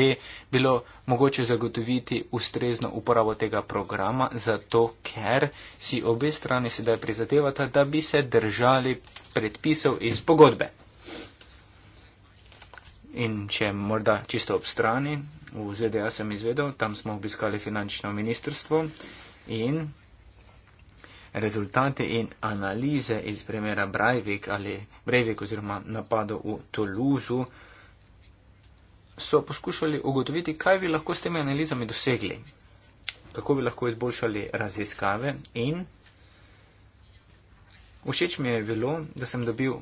bilo mogoče zagotoviti ustrezno uporabo tega programa, zato ker si obe strani sedaj prizadevata, da bi se držali predpisov iz pogodbe. In če morda čisto ob strani, v ZDA sem izvedel, tam smo obiskali finančno ministrstvo in rezultate in analize iz primera Breivik ali Breivik oziroma napado v Toluzu so poskušali ugotoviti, kaj bi lahko s temi analizami dosegli, kako bi lahko izboljšali raziskave in Všeč mi je bilo, da sem dobil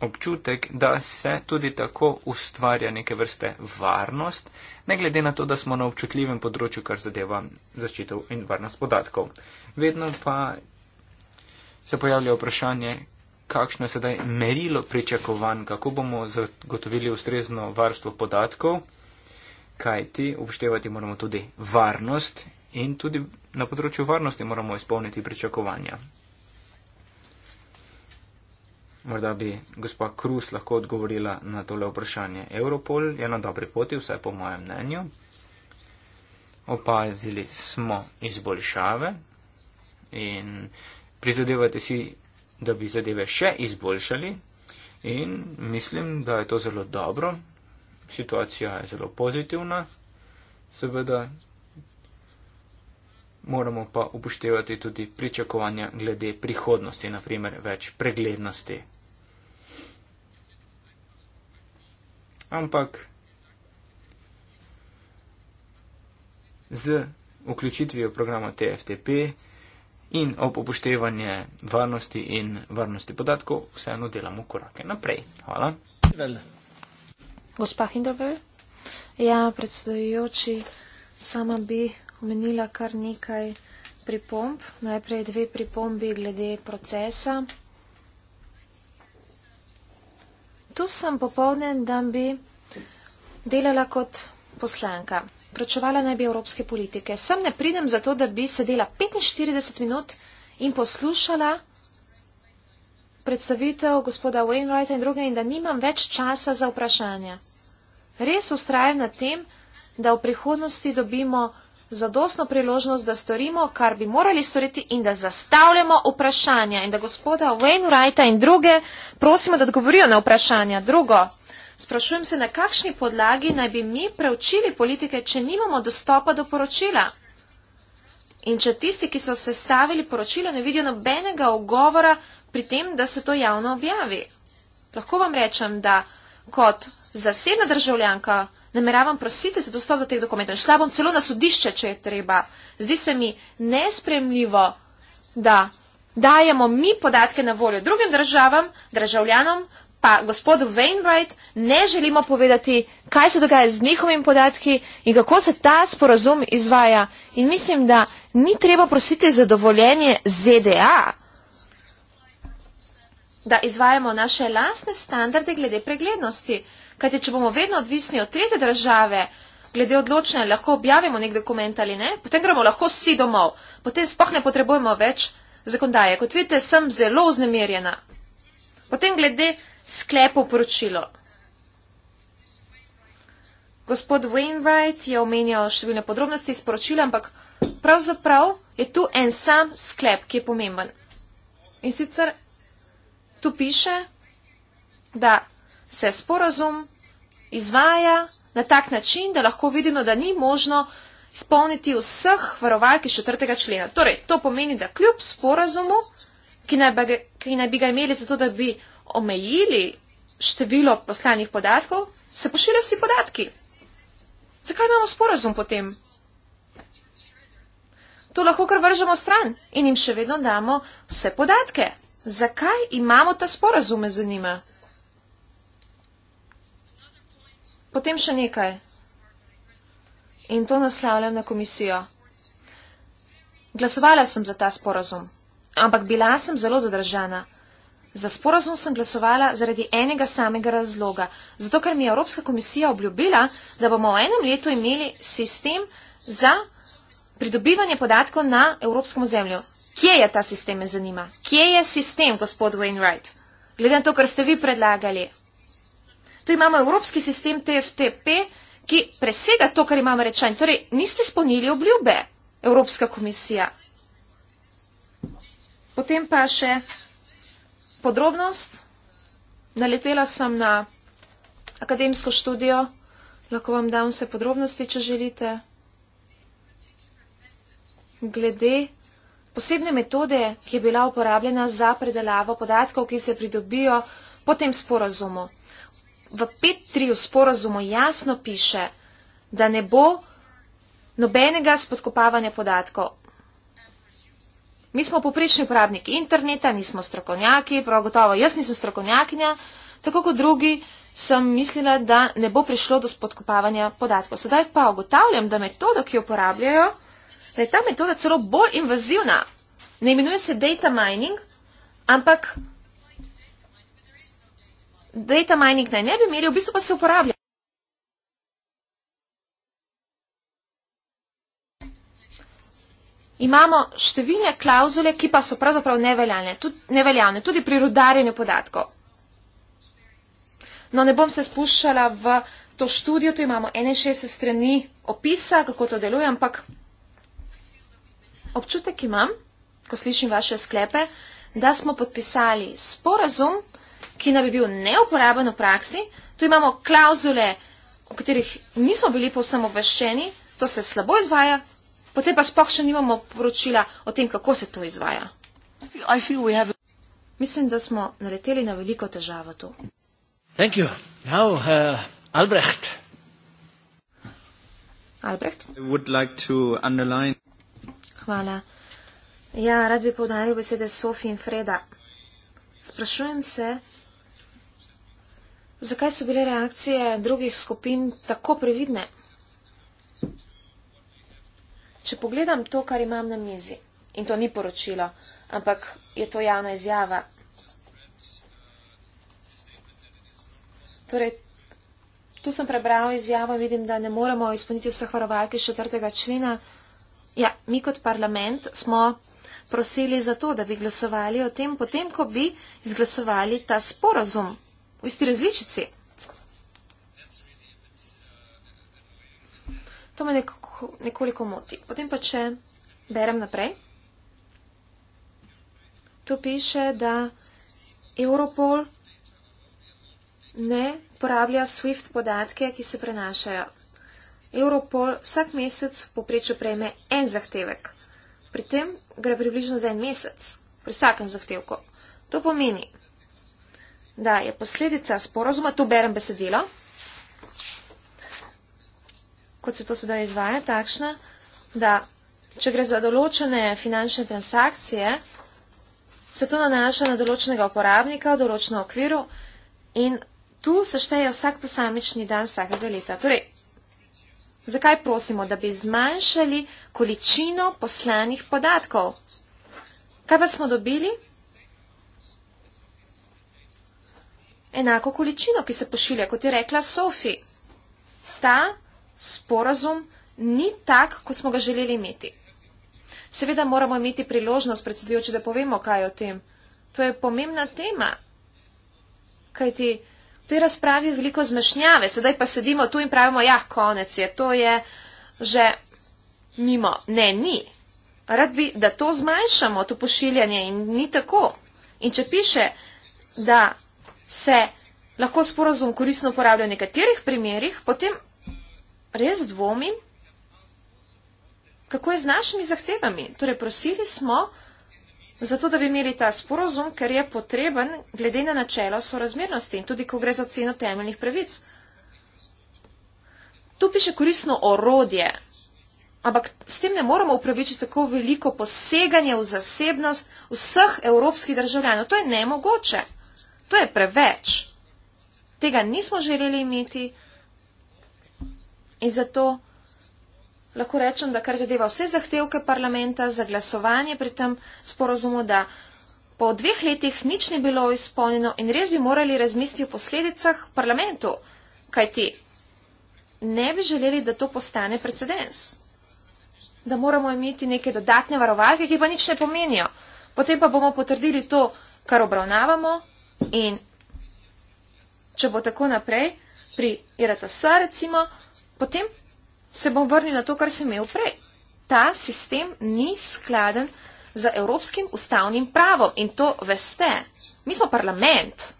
občutek, da se tudi tako ustvarja neke vrste varnost, ne glede na to, da smo na občutljivem področju, kar zadeva zaščito in varnost podatkov. Vedno pa se pojavlja vprašanje, kakšno je sedaj merilo pričakovanj, kako bomo zagotovili ustrezno varstvo podatkov, kajti upoštevati moramo tudi varnost in tudi na področju varnosti moramo izpolniti pričakovanja. Morda bi gospa Krus lahko odgovorila na tole vprašanje. Europol je na dobri poti, vsaj po mojem mnenju. Opazili smo izboljšave in prizadevate si, da bi zadeve še izboljšali in mislim, da je to zelo dobro. Situacija je zelo pozitivna. Seveda moramo pa upoštevati tudi pričakovanja glede prihodnosti, naprimer več preglednosti. Ampak z vključitvijo programa TFTP in ob upoštevanje varnosti in varnosti podatkov vseeno delamo korake naprej. Hvala. Gospa Hindrover, ja, predstavujoči, sama bi omenila kar nekaj pripomb. Najprej dve pripombi glede procesa. Tu sem popovden, da bi delala kot poslanka. Pročevala naj bi evropske politike. Sem ne pridem zato, da bi sedela 45 minut in poslušala predstavitev gospoda Wainwrighta in druge in da nimam več časa za vprašanja. Res ustrajam na tem, da v prihodnosti dobimo zadostno priložnost, da storimo, kar bi morali storiti in da zastavljamo vprašanja in da gospoda Wainwrighta in druge prosimo, da odgovorijo na vprašanja. Drugo, sprašujem se, na kakšni podlagi naj bi mi preučili politike, če nimamo dostopa do poročila. In če tisti, ki so sestavili poročilo, ne vidijo nobenega ogovora pri tem, da se to javno objavi. Lahko vam rečem, da kot zasebna državljanka nameravam prositi za dostop do teh dokumentov. Šla bom celo na sodišče, če je treba. Zdi se mi nespremljivo, da dajemo mi podatke na voljo drugim državam, državljanom, pa gospodu Wainwright ne želimo povedati, kaj se dogaja z njihovimi podatki in kako se ta sporazum izvaja. In mislim, da ni treba prositi za dovoljenje ZDA da izvajamo naše lasne standarde glede preglednosti. Kajte, če bomo vedno odvisni od trete države, glede odločne, lahko objavimo nek dokument ali ne, potem gremo lahko vsi domov, potem spoh ne potrebujemo več zakondaje. Kot vidite, sem zelo vznemirjena. Potem glede sklepov poročilo. Gospod Wainwright je omenjal številne podrobnosti iz poročila, ampak pravzaprav je tu en sam sklep, ki je pomemben. In sicer tu piše, da se sporazum izvaja na tak način, da lahko vidimo, da ni možno izpolniti vseh varovalk iz četrtega člena. Torej, to pomeni, da kljub sporazumu, ki naj bi, ki naj bi ga imeli zato, da bi omejili število poslanih podatkov, se pošiljajo vsi podatki. Zakaj imamo sporazum potem? To lahko kar vržemo stran in jim še vedno damo vse podatke. Zakaj imamo ta sporazum, me zanima? Potem še nekaj. In to naslavljam na komisijo. Glasovala sem za ta sporazum, ampak bila sem zelo zadržana. Za sporazum sem glasovala zaradi enega samega razloga. Zato, ker mi je Evropska komisija obljubila, da bomo v enem letu imeli sistem za pridobivanje podatkov na evropskem zemlju. Kje je ta sistem, me zanima? Kje je sistem, gospod Wainwright? Glede na to, kar ste vi predlagali. Tu imamo evropski sistem TFTP, ki presega to, kar imamo rečen. Torej, niste spolnili obljube, Evropska komisija. Potem pa še podrobnost. Naletela sem na akademsko študijo. Lahko vam dam vse podrobnosti, če želite. Glede posebne metode, ki je bila uporabljena za predelavo podatkov, ki se pridobijo po tem sporazumu. V 5.3. sporazumu jasno piše, da ne bo nobenega spodkopavanja podatkov. Mi smo poprični uporabnik interneta, nismo strokovnjaki, prav gotovo jaz nisem strokovnjakinja, tako kot drugi sem mislila, da ne bo prišlo do spodkopavanja podatkov. Sedaj pa ugotavljam, da metodo, ki jo uporabljajo, Zdaj, ta metoda je celo bolj invazivna. Ne imenuje se data mining, ampak data mining naj ne bi imeli, v bistvu pa se uporablja. Imamo številne klauzule, ki pa so pravzaprav neveljavne, tudi, neveljavne, tudi pri rudarjenju podatkov. No, ne bom se spuščala v to študijo, tu imamo 61 strani opisa, kako to deluje, ampak občutek imam, ko slišim vaše sklepe, da smo podpisali sporazum, ki nam bi bil neuporaben v praksi. Tu imamo klauzule, o katerih nismo bili povsem obveščeni, to se slabo izvaja, potem pa sploh še nimamo poročila o tem, kako se to izvaja. Mislim, da smo naleteli na veliko težavo tu. Now, uh, Albrecht. Albrecht? I would like to underline hvala. Ja, rad bi povdaril besede Sofi in Freda. Sprašujem se, zakaj so bile reakcije drugih skupin tako previdne? Če pogledam to, kar imam na mizi, in to ni poročilo, ampak je to javna izjava. Torej, tu sem prebral izjavo in vidim, da ne moramo izpolniti vseh varovalk iz četrtega člena. Ja, mi kot parlament smo prosili za to, da bi glasovali o tem, potem, ko bi izglasovali ta sporazum v isti različici. To me neko, nekoliko moti. Potem pa, če berem naprej, tu piše, da Europol ne porablja SWIFT podatke, ki se prenašajo. Europol vsak mesec poprečju prejme en zahtevek. Pri tem gre približno za en mesec, pri vsakem zahtevku. To pomeni, da je posledica sporozuma, tu berem besedilo, kot se to sedaj izvaja, takšna, da če gre za določene finančne transakcije, se to nanaša na določenega uporabnika v določenem okviru in tu se šteje vsak posamični dan vsakega leta. Torej, Zakaj prosimo, da bi zmanjšali količino poslanih podatkov? Kaj pa smo dobili? Enako količino, ki se pošilja, kot je rekla Sofi. Ta sporazum ni tak, kot smo ga želeli imeti. Seveda moramo imeti priložnost, predsedujoči, da povemo, kaj o tem. To je pomembna tema. Kaj ti? Te tej razpravi veliko zmešnjave, sedaj pa sedimo tu in pravimo, ja, konec je, to je že mimo. Ne, ni. Rad bi, da to zmanjšamo, to pošiljanje in ni tako. In če piše, da se lahko sporozum koristno uporablja v nekaterih primerjih, potem res dvomim, kako je z našimi zahtevami. Torej, prosili smo, Zato, da bi imeli ta sporozum, ker je potreben glede na načelo sorazmernosti in tudi, ko gre za ceno temeljnih pravic. Tu piše koristno orodje, ampak s tem ne moramo upravičiti tako veliko poseganje v zasebnost vseh evropskih državljanov. To je nemogoče. To je preveč. Tega nismo želeli imeti in zato lahko rečem, da kar zadeva vse zahtevke parlamenta za glasovanje pri tem sporozumu, da po dveh letih nič ni bilo izpolnjeno in res bi morali razmisliti o posledicah parlamentu, kaj ti ne bi želeli, da to postane precedens, da moramo imeti neke dodatne varovalke, ki pa nič ne pomenijo. Potem pa bomo potrdili to, kar obravnavamo in če bo tako naprej pri IRTS recimo, potem se bom vrnil na to, kar sem imel prej. Ta sistem ni skladen z evropskim ustavnim pravom in to veste. Mi smo parlament.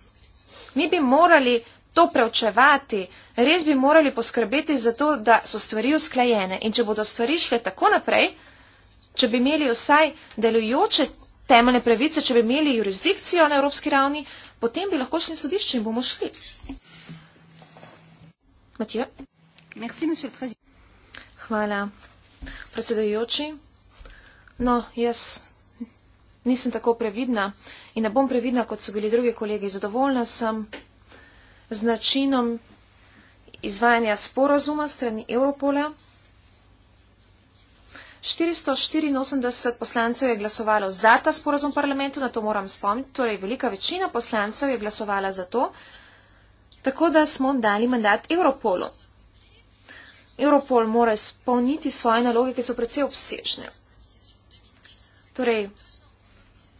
Mi bi morali to preučevati, res bi morali poskrbeti za to, da so stvari usklajene. In če bodo stvari šle tako naprej, če bi imeli vsaj delujoče temeljne pravice, če bi imeli jurisdikcijo na evropski ravni, potem bi lahko šli sodišče in bomo šli. Matija. Merci, monsieur le président. Hvala. Predsedajoči, no, jaz nisem tako previdna in ne bom previdna, kot so bili drugi kolegi. Zadovoljna sem z načinom izvajanja sporozuma strani Europola. 484 poslancev je glasovalo za ta sporozum parlamentu, na to moram spomniti, torej velika večina poslancev je glasovala za to, tako da smo dali mandat Europolu. Europol mora spolniti svoje naloge, ki so predvsej obsežne. Torej,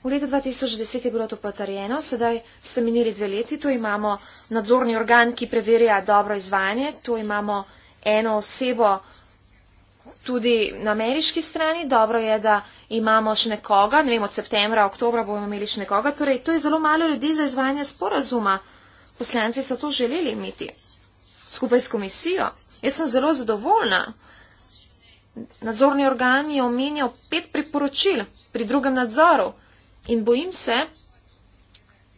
v letu 2010 je bilo to potarjeno, sedaj ste minili dve leti, tu imamo nadzorni organ, ki preverja dobro izvajanje, tu imamo eno osebo tudi na ameriški strani, dobro je, da imamo še nekoga, ne vem, od septembra, oktobra bomo imeli še nekoga, torej to je zelo malo ljudi za izvajanje sporazuma. Poslanci so to želeli imeti skupaj s komisijo. Jaz sem zelo zadovoljna. Nadzorni organ je omenjal pet priporočil pri drugem nadzoru in bojim se,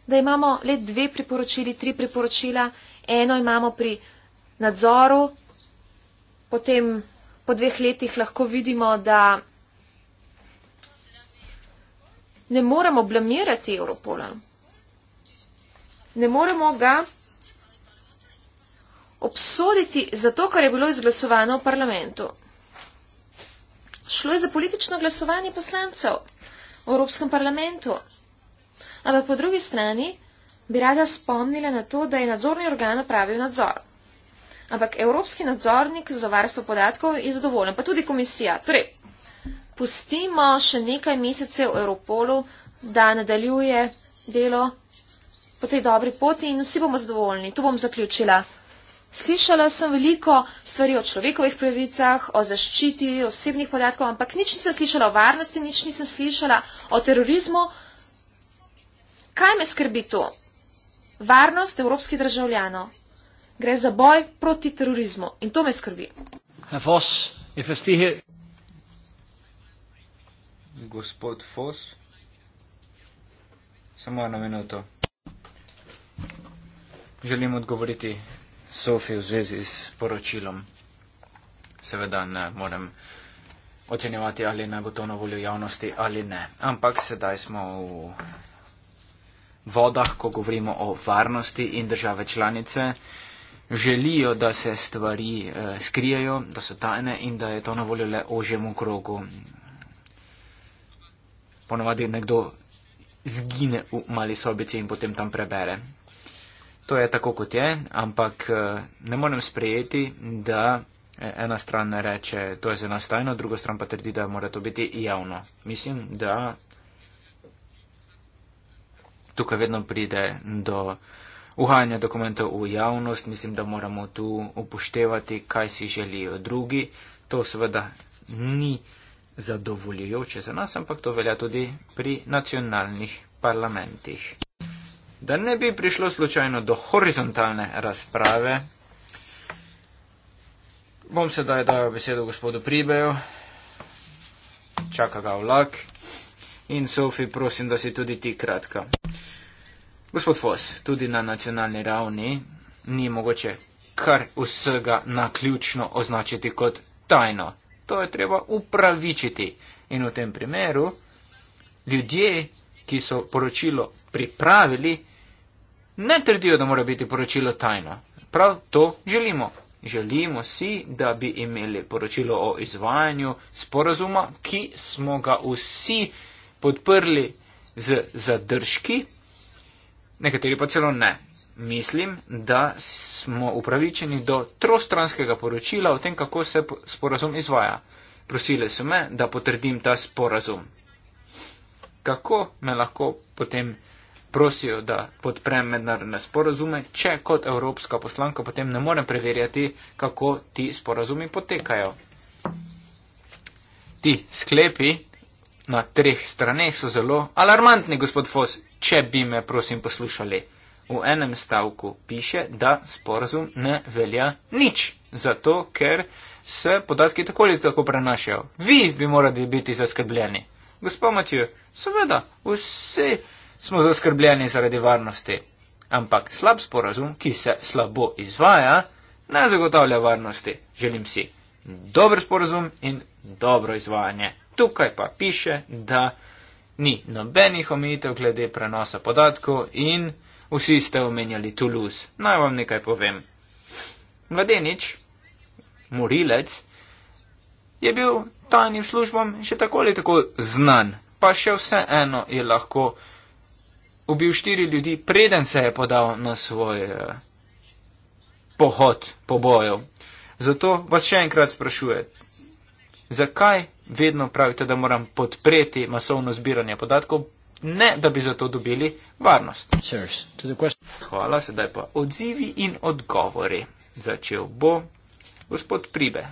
da imamo le dve priporočili, tri priporočila, eno imamo pri nadzoru, potem po dveh letih lahko vidimo, da ne moremo blamirati Europola. Ne moremo ga obsoditi zato, kar je bilo izglasovano v parlamentu. Šlo je za politično glasovanje poslancev v Evropskem parlamentu. Ampak po drugi strani bi rada spomnila na to, da je nadzorni organ napravil nadzor. Ampak Evropski nadzornik za varstvo podatkov je zadovoljen, pa tudi komisija. Torej, pustimo še nekaj mesecev v Europolu, da nadaljuje delo po tej dobri poti in vsi bomo zadovoljni. Tu bom zaključila. Slišala sem veliko stvari o človekovih pravicah, o zaščiti osebnih podatkov, ampak nič nisem slišala o varnosti, nič nisem slišala o terorizmu. Kaj me skrbi to? Varnost evropskih državljanov. Gre za boj proti terorizmu in to me skrbi. Fos, stihe... Gospod Fos, samo eno minuto. Želim odgovoriti Sofi v zvezi s poročilom. Seveda ne morem ocenjevati, ali ne bo to na voljo javnosti ali ne. Ampak sedaj smo v vodah, ko govorimo o varnosti in države članice želijo, da se stvari eh, skrijejo, da so tajne in da je to na voljo le ožjemu krogu. Ponovadi nekdo zgine v mali sobici in potem tam prebere to je tako, kot je, ampak eh, ne morem sprejeti, da eh, ena stran reče, to je zelo stajno, druga stran pa trdi, da mora to biti javno. Mislim, da tukaj vedno pride do uhajanja dokumentov v javnost, mislim, da moramo tu upoštevati, kaj si želijo drugi. To seveda ni zadovoljujoče za nas, ampak to velja tudi pri nacionalnih parlamentih da ne bi prišlo slučajno do horizontalne razprave, bom sedaj dal besedo gospodu Pribeju, čaka ga vlak in Sofi, prosim, da si tudi ti kratka. Gospod Fos, tudi na nacionalni ravni ni mogoče kar vsega naključno označiti kot tajno. To je treba upravičiti. In v tem primeru ljudje, ki so poročilo pripravili, ne trdijo, da mora biti poročilo tajno. Prav to želimo. Želimo si, da bi imeli poročilo o izvajanju sporazuma, ki smo ga vsi podprli z zadržki, nekateri pa celo ne. Mislim, da smo upravičeni do trostranskega poročila o tem, kako se sporazum izvaja. Prosili so me, da potrdim ta sporazum. Kako me lahko potem prosijo, da podprem mednarodne sporozume, če kot evropska poslanka potem ne morem preverjati, kako ti sporozumi potekajo. Ti sklepi na treh straneh so zelo alarmantni, gospod Fos, če bi me prosim poslušali. V enem stavku piše, da sporozum ne velja nič, zato ker se podatki tako ali tako prenašajo. Vi bi morali biti zaskrbljeni. Gospod Matijo, seveda, vsi smo zaskrbljeni zaradi varnosti. Ampak slab sporazum, ki se slabo izvaja, ne zagotavlja varnosti. Želim si dober sporazum in dobro izvajanje. Tukaj pa piše, da ni nobenih omejitev glede prenosa podatkov in vsi ste omenjali Toulouse. Naj vam nekaj povem. Mladenič, morilec, je bil tajnim službam še tako ali tako znan, pa še vseeno je lahko ubil štiri ljudi, preden se je podal na svoj eh, pohod po boju. Zato vas še enkrat sprašujem, zakaj vedno pravite, da moram podpreti masovno zbiranje podatkov, ne da bi zato dobili varnost? Hvala, sedaj pa odzivi in odgovori. Začel bo gospod Pribe.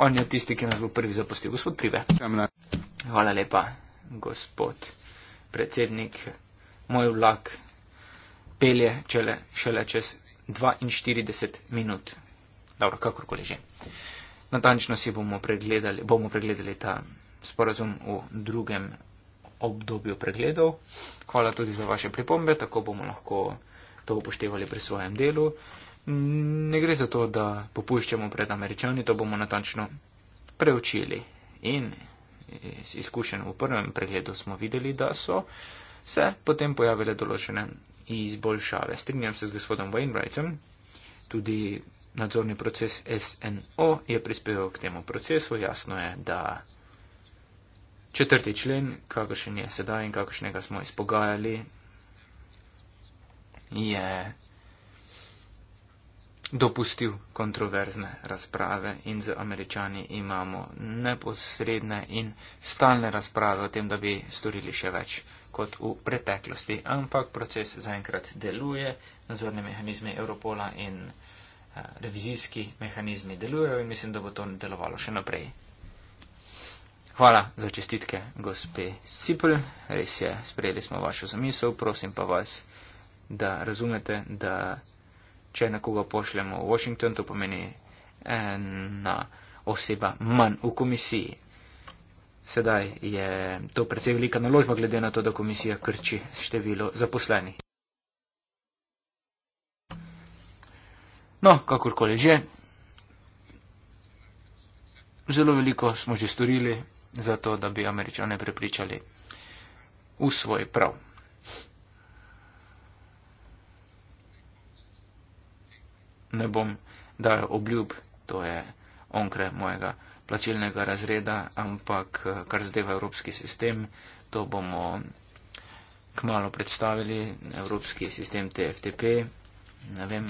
On je tisti, ki nas bo prvi zapustil. Gospod Prive. Hvala lepa, gospod predsednik. Moj vlak pelje čele, šele čez 42 minut. Dobro, kakorkoli že. Natančno si bomo pregledali, bomo pregledali ta sporazum v drugem obdobju pregledov. Hvala tudi za vaše pripombe, tako bomo lahko to upoštevali pri svojem delu. Ne gre za to, da popuščamo pred američani, to bomo natančno preučili. In iz izkušenj v prvem pregledu smo videli, da so se potem pojavile določene izboljšave. Strinjam se z gospodom Wainwrightom, tudi nadzorni proces SNO je prispeval k temu procesu. Jasno je, da četrti člen, kakršen je sedaj in kakršnega smo izpogajali, je dopustil kontroverzne razprave in z američani imamo neposredne in stalne razprave o tem, da bi storili še več kot v preteklosti. Ampak proces zaenkrat deluje, nadzorne mehanizme Europola in eh, revizijski mehanizmi delujejo in mislim, da bo to delovalo še naprej. Hvala za čestitke, gospe Sipl. Res je, sprejeli smo vašo zamisel, prosim pa vas, da razumete, da če nekoga pošljemo v Washington, to pomeni ena oseba manj v komisiji. Sedaj je to precej velika naložba, glede na to, da komisija krči število zaposlenih. No, kakorkoli že, zelo veliko smo že storili za to, da bi američane prepričali v svoj prav. ne bom dal obljub, to je onkre mojega plačilnega razreda, ampak eh, kar zadeva evropski sistem, to bomo kmalo predstavili, evropski sistem TFTP, ne vem,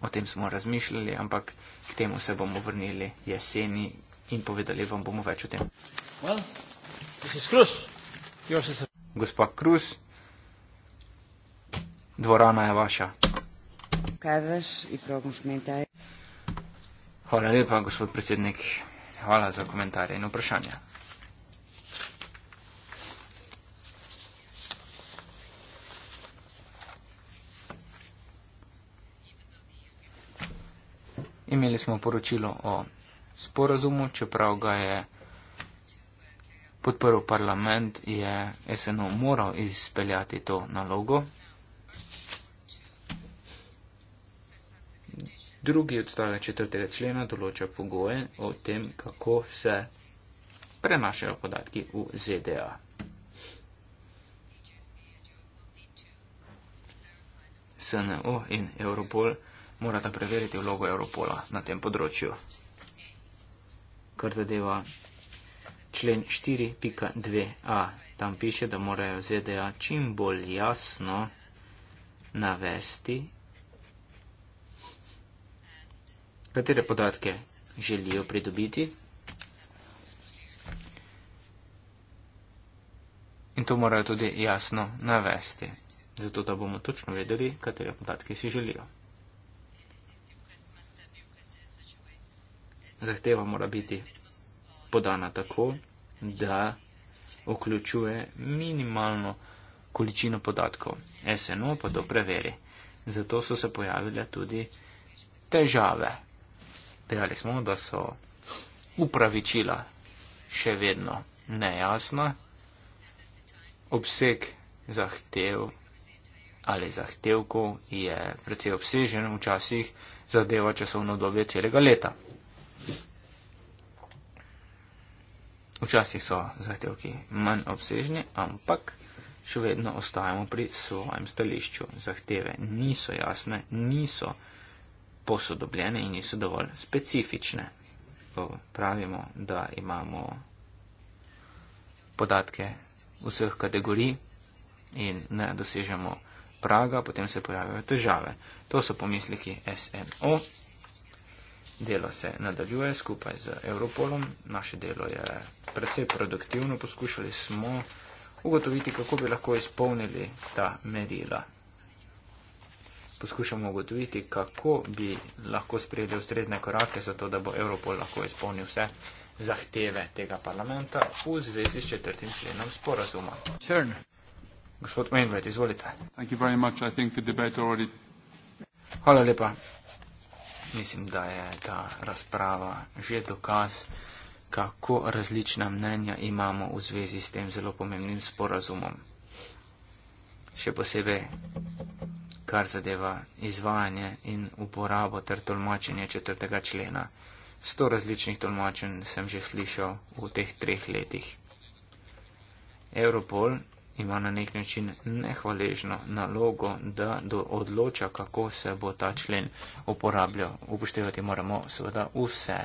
o tem smo razmišljali, ampak k temu se bomo vrnili jeseni in povedali vam bomo več o tem. Well, this is Cruz. Gospa Cruz, dvorana je vaša. Kajveš i progom šmentaj. Hvala lepa, gospod predsednik. Hvala za komentarje in vprašanja. Imeli smo poročilo o sporazumu, čeprav ga je podprl parlament, je SNO moral izpeljati to nalogo. Drugi odstavek četrtega člena določa pogoje o tem, kako se prenašajo podatki v ZDA. SNO in Europol morata preveriti vlogo Europola na tem področju. Kar zadeva člen 4.2a, tam piše, da morajo ZDA čim bolj jasno navesti katere podatke želijo pridobiti. In to morajo tudi jasno navesti, zato da bomo točno vedeli, katere podatke si želijo. Zahteva mora biti podana tako, da vključuje minimalno količino podatkov. SNO pa to preveri. Zato so se pojavile tudi težave. Dejali smo, da so upravičila še vedno nejasna, obseg zahtev ali zahtevkov je precej obsežen, včasih zadeva časovno obdobje celega leta. Včasih so zahtevki manj obsežni, ampak še vedno ostajamo pri svojem stališču. Zahteve niso jasne, niso posodobljene in niso dovolj specifične. Pravimo, da imamo podatke vseh kategorij in ne dosežemo praga, potem se pojavijo težave. To so pomisliki SNO. Delo se nadaljuje skupaj z Europolom. Naše delo je precej produktivno. Poskušali smo ugotoviti, kako bi lahko izpolnili ta merila poskušamo ugotoviti, kako bi lahko sprejeli ustrezne korake za to, da bo Europol lahko izpolnil vse zahteve tega parlamenta v zvezi s četrtim členom sporazuma. Turn. Gospod Mainwright, izvolite. Thank you very much. I think the debate already... Hvala lepa. Mislim, da je ta razprava že dokaz, kako različna mnenja imamo v zvezi s tem zelo pomembnim sporazumom še posebej kar zadeva izvajanje in uporabo ter tolmačenje četrtega člena. Sto različnih tolmačenj sem že slišal v teh treh letih. Europol ima na nek način nehvaležno nalogo, da odloča, kako se bo ta člen uporabljal. Upoštevati moramo seveda vse.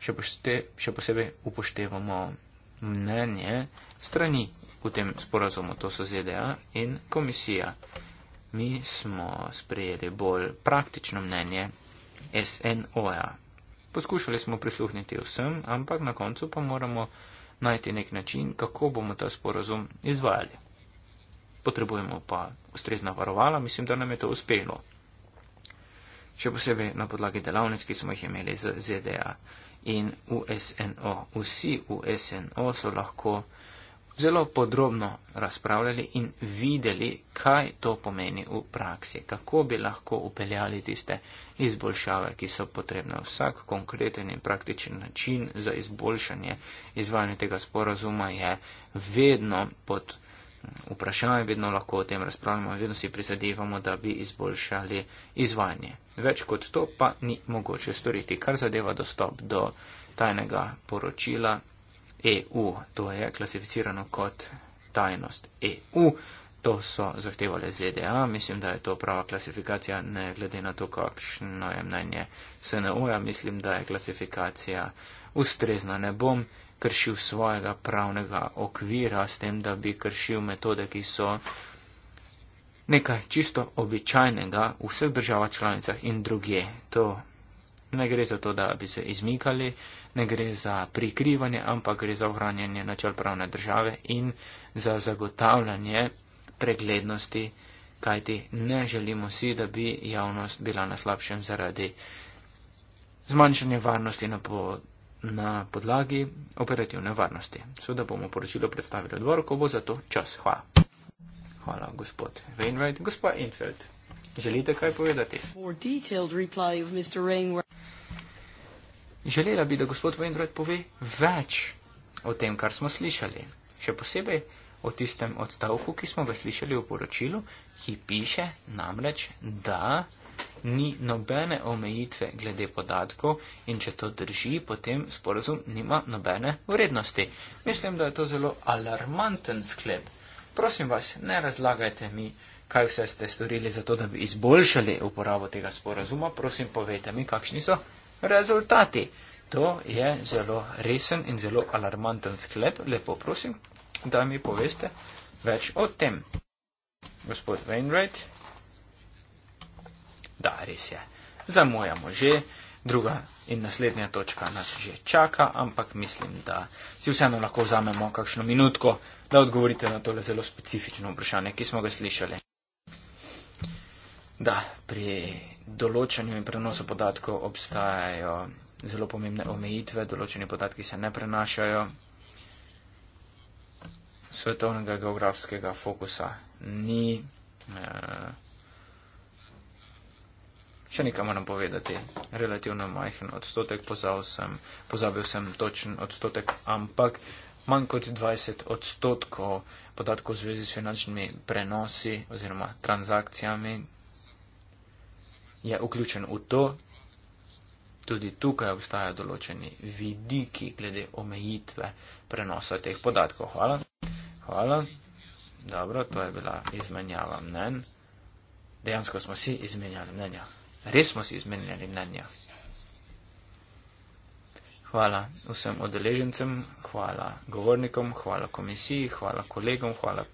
Še, pošte, še posebej upoštevamo mnenje strani v tem sporazumu. To so ZDA in komisija. Mi smo sprejeli bolj praktično mnenje SNO-ja. Poskušali smo prisluhniti vsem, ampak na koncu pa moramo najti nek način, kako bomo ta sporazum izvajali. Potrebujemo pa ustrezna varovala, mislim, da nam je to uspelo. Še posebej na podlagi delavnic, ki smo jih imeli z ZDA in USNO. Vsi v SNO so lahko zelo podrobno razpravljali in videli, kaj to pomeni v praksi, kako bi lahko upeljali tiste izboljšave, ki so potrebne. Vsak konkreten in praktičen način za izboljšanje izvajanja tega sporazuma je vedno pod mm, vprašanjem, vedno lahko o tem razpravljamo, vedno si prizadevamo, da bi izboljšali izvajanje. Več kot to pa ni mogoče storiti, kar zadeva dostop do tajnega poročila EU, to je klasificirano kot tajnost EU, to so zahtevali ZDA, mislim, da je to prava klasifikacija, ne glede na to, kakšno je mnenje SNO-ja, mislim, da je klasifikacija ustrezna. Ne bom kršil svojega pravnega okvira s tem, da bi kršil metode, ki so nekaj čisto običajnega v vseh državah članicah in druge. To Ne gre za to, da bi se izmikali, ne gre za prikrivanje, ampak gre za ohranjanje načel pravne države in za zagotavljanje preglednosti, kajti ne želimo si, da bi javnost bila na slabšem zaradi zmanjšanja varnosti na, po, na podlagi operativne varnosti. Sveda bomo poročilo predstavili odbor, ko bo za to čas. Hvala. Hvala, gospod Weinreit, gospod Infeld. Želite kaj povedati? Želela bi, da gospod Wainwright pove več o tem, kar smo slišali. Še posebej o tistem odstavku, ki smo ga slišali v poročilu, ki piše namreč, da ni nobene omejitve glede podatkov in če to drži, potem sporozum nima nobene vrednosti. Mislim, da je to zelo alarmanten sklep. Prosim vas, ne razlagajte mi kaj vse ste storili za to, da bi izboljšali uporabo tega sporazuma, prosim povejte mi, kakšni so rezultati. To je zelo resen in zelo alarmanten sklep. Lepo prosim, da mi poveste več o tem. Gospod Wainwright. Da, res je. Zamujamo že. Druga in naslednja točka nas že čaka, ampak mislim, da si vseeno lahko vzamemo kakšno minutko, da odgovorite na tole zelo specifično vprašanje, ki smo ga slišali da pri določanju in prenosu podatkov obstajajo zelo pomembne omejitve, določeni podatki se ne prenašajo, svetovnega geografskega fokusa ni. Eh, še nekaj moram povedati, relativno majhen odstotek, sem, pozabil sem točen odstotek, ampak manj kot 20 odstotkov podatkov v zvezi s finančnimi prenosi oziroma transakcijami je vključen v to, tudi tukaj obstajajo določeni vidiki glede omejitve prenosa teh podatkov. Hvala. Hvala. Dobro, to je bila izmenjava mnen. Dejansko smo si izmenjali mnenja. Res smo si izmenjali mnenja. Hvala vsem odeležencem, hvala govornikom, hvala komisiji, hvala kolegom, hvala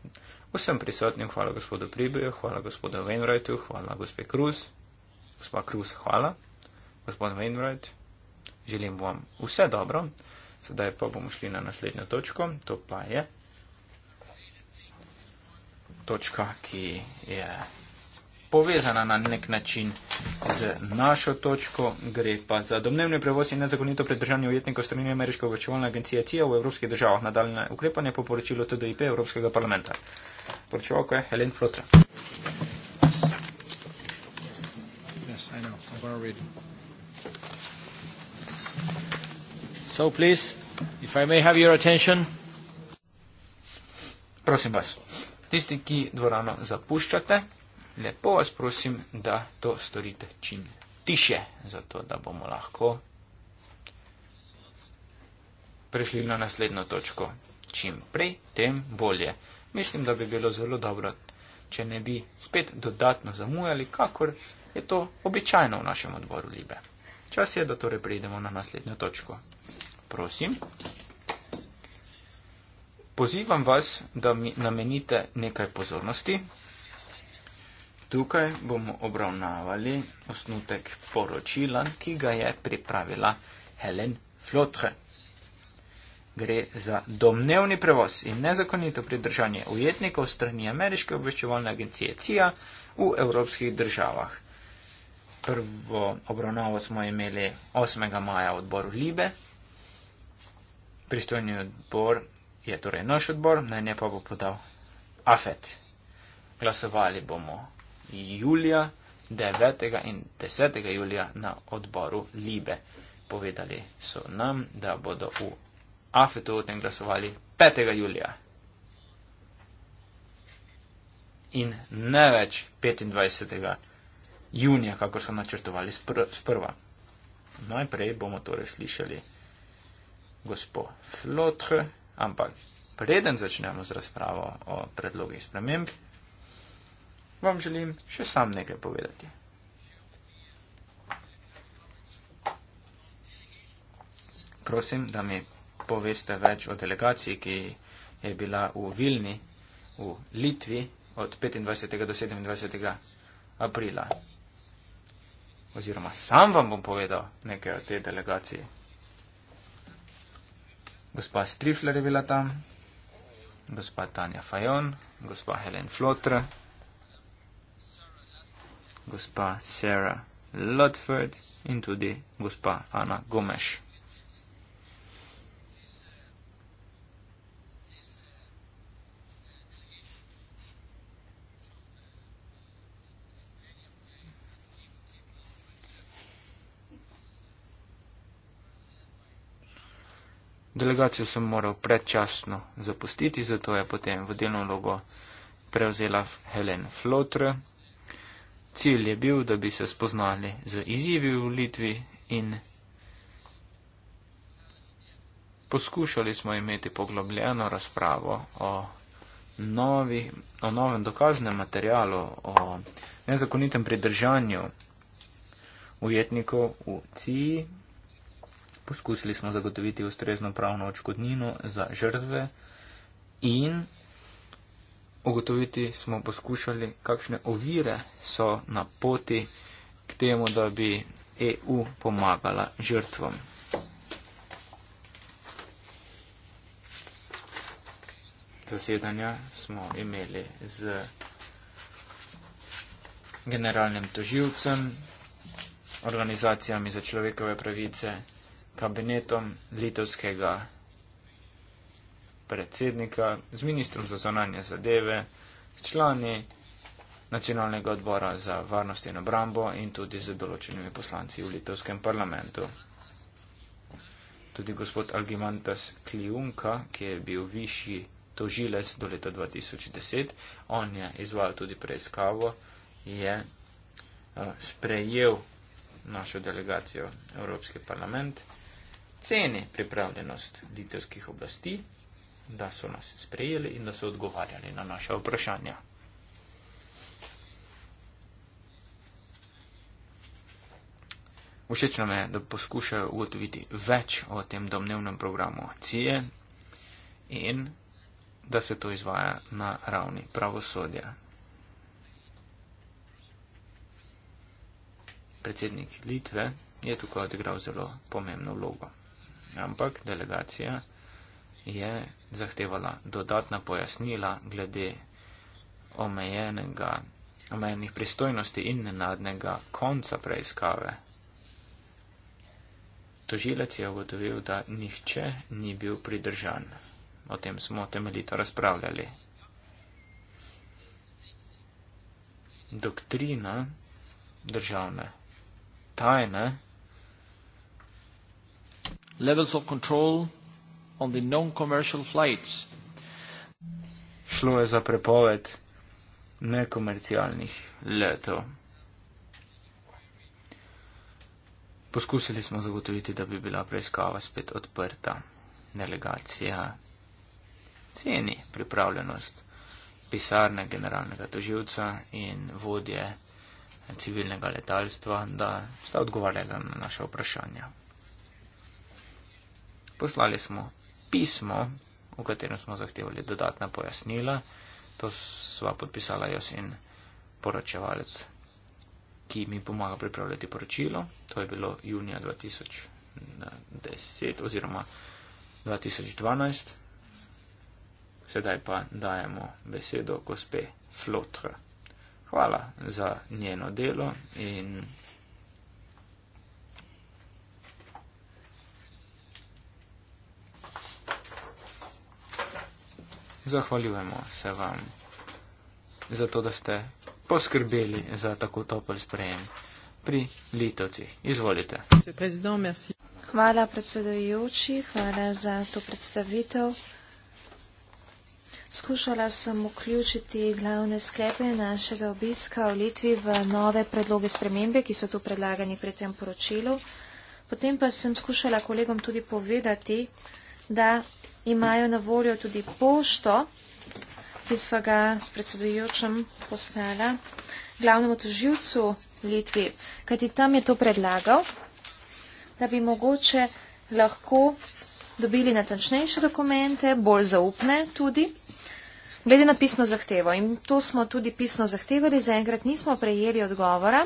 vsem prisotnim, hvala gospodu Pribeju, hvala gospodu Venrojtu, hvala gospe Kruz gospod Krus, hvala, gospod Wainwright, želim vam vse dobro. Sedaj pa bomo šli na naslednjo točko, to pa je točka, ki je povezana na nek način z našo točko, gre pa za domnevni prevoz in nezakonito predržanje ujetnikov strani ameriške obveščevalne agencije CIA v evropskih državah. Nadaljne ukrepanje po poročilu TDIP Evropskega parlamenta. Poročevalko je Helen Flotra. I know. I'm going to read. So please, if I may have your attention. Prosim vas, tisti, ki dvorano zapuščate, lepo vas prosim, da to storite čim tiše, zato da bomo lahko prišli na naslednjo točko čim prej, tem bolje. Mislim, da bi bilo zelo dobro, če ne bi spet dodatno zamujali, kakor je to običajno v našem odboru Libe. Čas je, da torej prejdemo na naslednjo točko. Prosim. Pozivam vas, da mi namenite nekaj pozornosti. Tukaj bomo obravnavali osnutek poročila, ki ga je pripravila Helen Flotre. Gre za domnevni prevoz in nezakonito pridržanje ujetnikov strani Ameriške obveščevalne agencije CIA v evropskih državah prvo obravnavo smo imeli 8. maja v odboru Libe. Pristojni odbor je torej naš odbor, naj ne pa bo podal AFET. Glasovali bomo julija, 9. in 10. julija na odboru Libe. Povedali so nam, da bodo v AFET-u o tem glasovali 5. julija. In ne več 25 junija, kako so načrtovali spr sprva. Najprej bomo torej slišali gospod Flotre, ampak preden začnemo z razpravo o predlogih sprememb, vam želim še sam nekaj povedati. Prosim, da mi poveste več o delegaciji, ki je bila v Vilni v Litvi od 25. do 27. aprila oziroma sam vam bom povedal nekaj o tej delegaciji. Gospa Strifler je bila tam, gospa Tanja Fajon, gospa Helen Flotr, gospa Sarah Ludford in tudi gospa Ana Gomes. Delegacijo sem moral predčasno zapustiti, zato je potem vodilno vlogo prevzela Helen Flotr. Cilj je bil, da bi se spoznali z izjivi v Litvi in poskušali smo imeti poglobljeno razpravo o, novi, o novem dokaznem materialu, o nezakonitem pridržanju ujetnikov v Ciji poskusili smo zagotoviti ustrezno pravno očkodnino za žrtve in ugotoviti smo poskušali, kakšne ovire so na poti k temu, da bi EU pomagala žrtvom. Zasedanja smo imeli z generalnim toživcem, organizacijami za človekove pravice kabinetom litovskega predsednika, z ministrom za zonanje zadeve, s člani nacionalnega odbora za varnost in obrambo in tudi z določenimi poslanci v litovskem parlamentu. Tudi gospod Algimantas Kliunka, ki je bil višji tožilec do leta 2010, on je izvajal tudi preiskavo, je eh, sprejel našo delegacijo Evropski parlament cene pripravljenost litovskih oblasti, da so nas sprejeli in da so odgovarjali na naše vprašanja. Všečno me je, da poskušajo ugotoviti več o tem domnevnem programu CIE in da se to izvaja na ravni pravosodja. Predsednik Litve je tukaj odigral zelo pomembno vlogo ampak delegacija je zahtevala dodatna pojasnila glede omejenega, omejenih pristojnosti in nenadnega konca preiskave. Tožilec je ugotovil, da nihče ni bil pridržan. O tem smo temeljito razpravljali. Doktrina državne tajne levels of control on the non-commercial flights. Šlo je za prepoved nekomercialnih letov. Poskusili smo zagotoviti, da bi bila preiskava spet odprta. Delegacija ceni pripravljenost pisarne generalnega toživca in vodje civilnega letalstva, da sta odgovarjala na naše vprašanja poslali smo pismo, v katerem smo zahtevali dodatna pojasnila. To sva podpisala jaz in poročevalec, ki mi pomaga pripravljati poročilo. To je bilo junija 2010 oziroma 2012. Sedaj pa dajemo besedo gospe Flotra. Hvala za njeno delo in Zahvaljujemo se vam za to, da ste poskrbeli za tako topel sprejem pri Litovcih. Izvolite. Hvala predsedujoči, hvala za to predstavitev. Skušala sem vključiti glavne sklepe našega obiska v Litvi v nove predloge spremembe, ki so tu predlagani pri tem poročilu. Potem pa sem skušala kolegom tudi povedati, da imajo na voljo tudi pošto, ki sva ga s predsedujočem poslala glavnemu toživcu Litvi, kajti tam je to predlagal, da bi mogoče lahko dobili natančnejše dokumente, bolj zaupne tudi, glede na pisno zahtevo. In to smo tudi pisno zahtevali, zaenkrat nismo prejeli odgovora,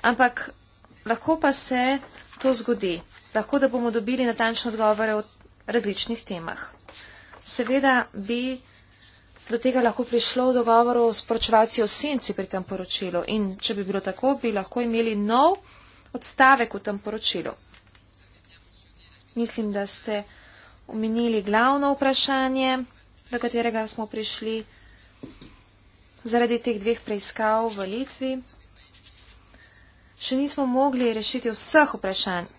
ampak lahko pa se to zgodi. Lahko, da bomo dobili natančne odgovore od različnih temah. Seveda bi do tega lahko prišlo v dogovoru s poročevalci o senci pri tem poročilu in če bi bilo tako, bi lahko imeli nov odstavek v tem poročilu. Mislim, da ste omenili glavno vprašanje, do katerega smo prišli zaradi teh dveh preiskav v Litvi. Še nismo mogli rešiti vseh vprašanj,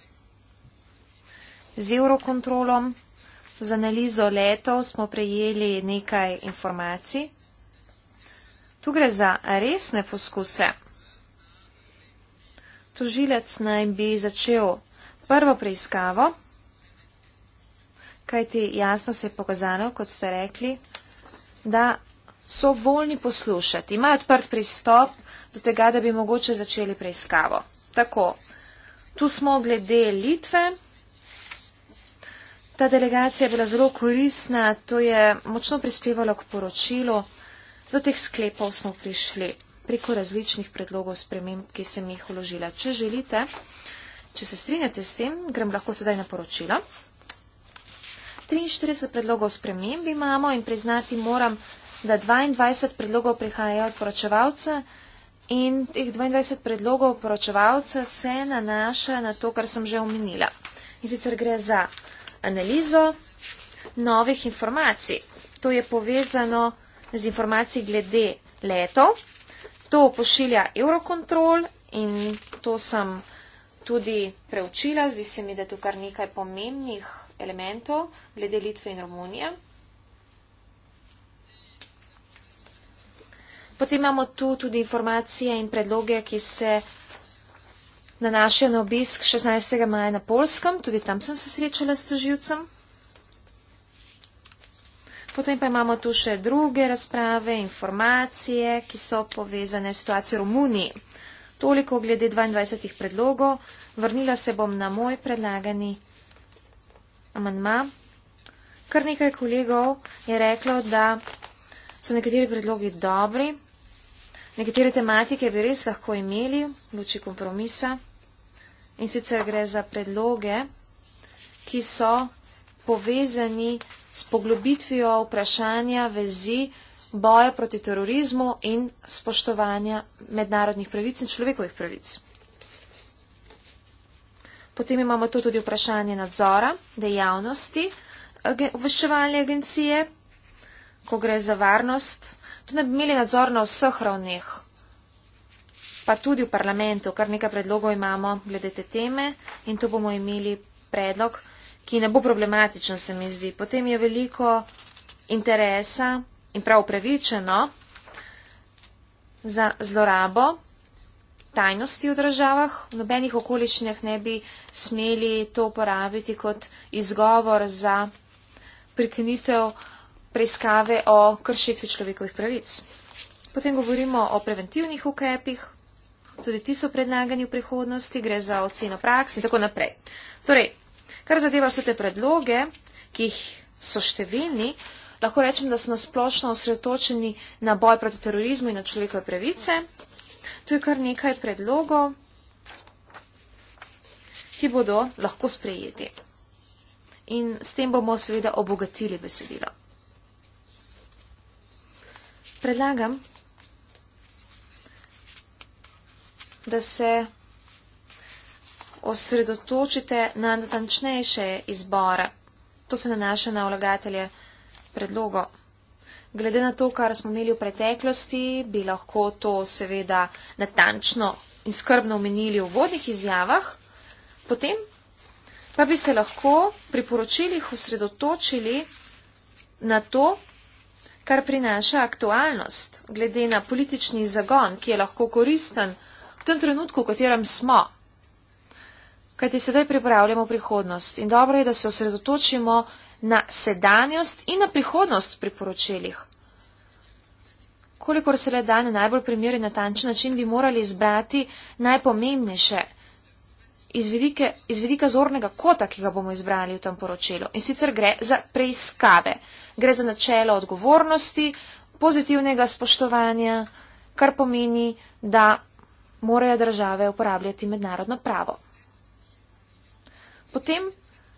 z Eurokontrolom. Z analizo letov smo prejeli nekaj informacij. Tu gre za resne poskuse. Tožilec naj bi začel prvo preiskavo, kajti jasno se je pokazano, kot ste rekli, da so voljni poslušati, imajo odprt pristop do tega, da bi mogoče začeli preiskavo. Tako, tu smo glede Litve. Ta delegacija je bila zelo korisna, to je močno prispevalo k poročilu. Do teh sklepov smo prišli preko različnih predlogov sprememb, ki sem jih uložila. Če želite, če se strinjate s tem, grem lahko sedaj na poročilo. 43 predlogov sprememb imamo in priznati moram, da 22 predlogov prihajajo od poročevalca in teh 22 predlogov poročevalca se nanaša na to, kar sem že omenila. In sicer gre za analizo novih informacij. To je povezano z informacij glede letov. To pošilja Eurocontrol in to sem tudi preučila. Zdi se mi, da je tu kar nekaj pomembnih elementov glede Litve in Romunije. Potem imamo tu tudi informacije in predloge, ki se nanašajo na obisk 16. maja na Polskem, tudi tam sem se srečala s toživcem. Potem pa imamo tu še druge razprave, informacije, ki so povezane s situacijo v Romuniji. Toliko glede 22. predlogov. Vrnila se bom na moj predlagani amantma. Kar nekaj kolegov je reklo, da so nekateri predlogi dobri, nekatere tematike bi res lahko imeli v luči kompromisa. In sicer gre za predloge, ki so povezani s poglobitvijo vprašanja vezi boja proti terorizmu in spoštovanja mednarodnih pravic in človekovih pravic. Potem imamo tu tudi vprašanje nadzora, dejavnosti obveščevalne agencije, ko gre za varnost. Tu ne bi imeli nadzor na vseh ravneh pa tudi v parlamentu, kar nekaj predlogov imamo glede te teme in to bomo imeli predlog, ki ne bo problematičen, se mi zdi. Potem je veliko interesa in prav upravičeno za zlorabo tajnosti v državah. V nobenih okoliščinah ne bi smeli to uporabiti kot izgovor za priknitev preiskave o kršitvi človekovih pravic. Potem govorimo o preventivnih ukrepih, tudi ti so predlagani v prihodnosti, gre za oceno praksi in tako naprej. Torej, kar zadeva vse te predloge, ki jih so številni, lahko rečem, da so nasplošno osredotočeni na boj proti terorizmu in na človekove pravice. Tu je kar nekaj predlogov, ki bodo lahko sprejeti. In s tem bomo seveda obogatili besedilo. Predlagam, da se osredotočite na natančnejše izbore. To se nanaša na vlagatelje predlogo. Glede na to, kar smo imeli v preteklosti, bi lahko to seveda natančno in skrbno omenili v vodnih izjavah, potem pa bi se lahko pri poročilih osredotočili na to, kar prinaša aktualnost, glede na politični zagon, ki je lahko koristen tem trenutku, v katerem smo. Kaj ti sedaj pripravljamo prihodnost in dobro je, da se osredotočimo na sedanjost in na prihodnost pri poročeljih. Kolikor se le da na najbolj primeren na tančen način, bi morali izbrati najpomembnejše iz vidika, iz vidika zornega kota, ki ga bomo izbrali v tem poročelu. In sicer gre za preiskave. Gre za načelo odgovornosti, pozitivnega spoštovanja, kar pomeni, da morajo države uporabljati mednarodno pravo. Potem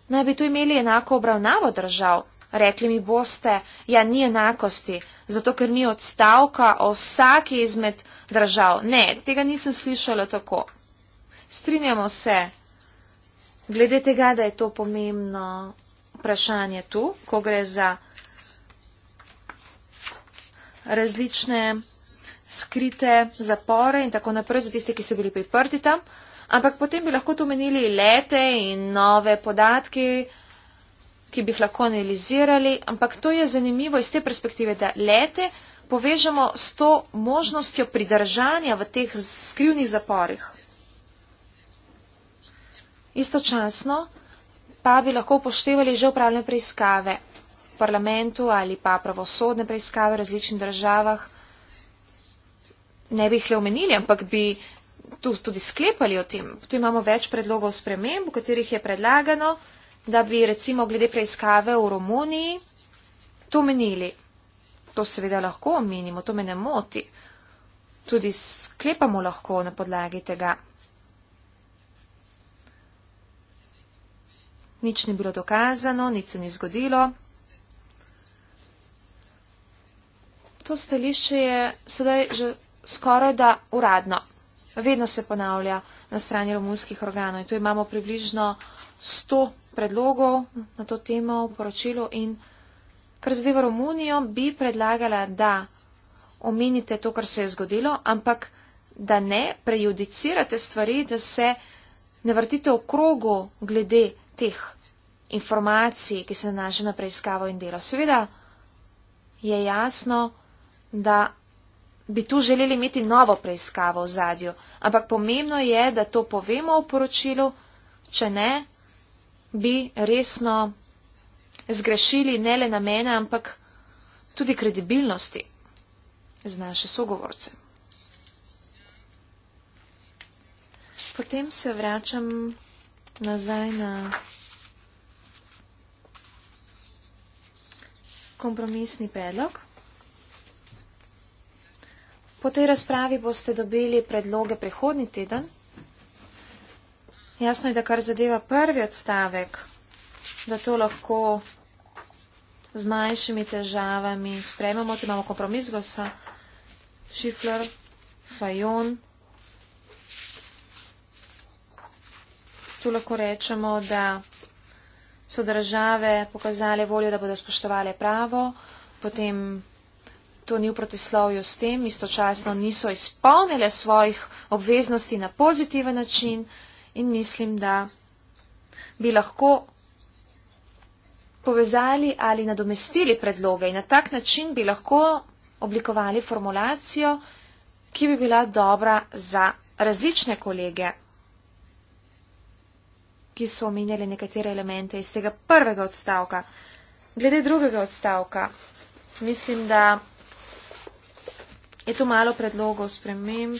naj bi tu imeli enako obravnavo držav. Rekli mi boste, ja, ni enakosti, zato ker ni odstavka o vsaki izmed držav. Ne, tega nisem slišala tako. Strinjamo se, glede tega, da je to pomembno vprašanje tu, ko gre za različne skrite zapore in tako naprej za tiste, ki so bili priprti tam. Ampak potem bi lahko tu menili lete in nove podatke, ki bi jih lahko analizirali. Ampak to je zanimivo iz te perspektive, da lete povežemo s to možnostjo pridržanja v teh skrivnih zaporih. Istočasno pa bi lahko upoštevali že upravljene preiskave v parlamentu ali pa pravosodne preiskave v različnih državah ne bi jih le omenili, ampak bi tu tudi sklepali o tem. Tu imamo več predlogov sprememb, v katerih je predlagano, da bi recimo glede preiskave v Romuniji to omenili. To seveda lahko omenimo, to me ne moti. Tudi sklepamo lahko na podlagi tega. Nič ni bilo dokazano, nič se ni zgodilo. To stališče je sedaj že skoraj da uradno. Vedno se ponavlja na strani romunskih organov in tu imamo približno 100 predlogov na to temo v poročilu in kar zadeva Romunijo, bi predlagala, da omenite to, kar se je zgodilo, ampak da ne prejudicirate stvari, da se ne vrtite v krogu glede teh informacij, ki se nanašajo na preiskavo in delo. Seveda je jasno, da bi tu želeli imeti novo preiskavo v zadju, ampak pomembno je, da to povemo v poročilu, če ne, bi resno zgrešili ne le namene, ampak tudi kredibilnosti z naše sogovorce. Potem se vračam nazaj na kompromisni predlog. Po tej razpravi boste dobili predloge prihodni teden. Jasno je, da kar zadeva prvi odstavek, da to lahko z manjšimi težavami sprememo, če imamo kompromis glasa, šifler, fajon. Tu lahko rečemo, da so države pokazale voljo, da bodo spoštovali pravo, potem to ni v protislovju s tem, istočasno niso izpolnile svojih obveznosti na pozitiven način in mislim, da bi lahko povezali ali nadomestili predloge in na tak način bi lahko oblikovali formulacijo, ki bi bila dobra za različne kolege, ki so omenjali nekatere elemente iz tega prvega odstavka. Glede drugega odstavka, mislim, da je tu malo predlogov sprememb.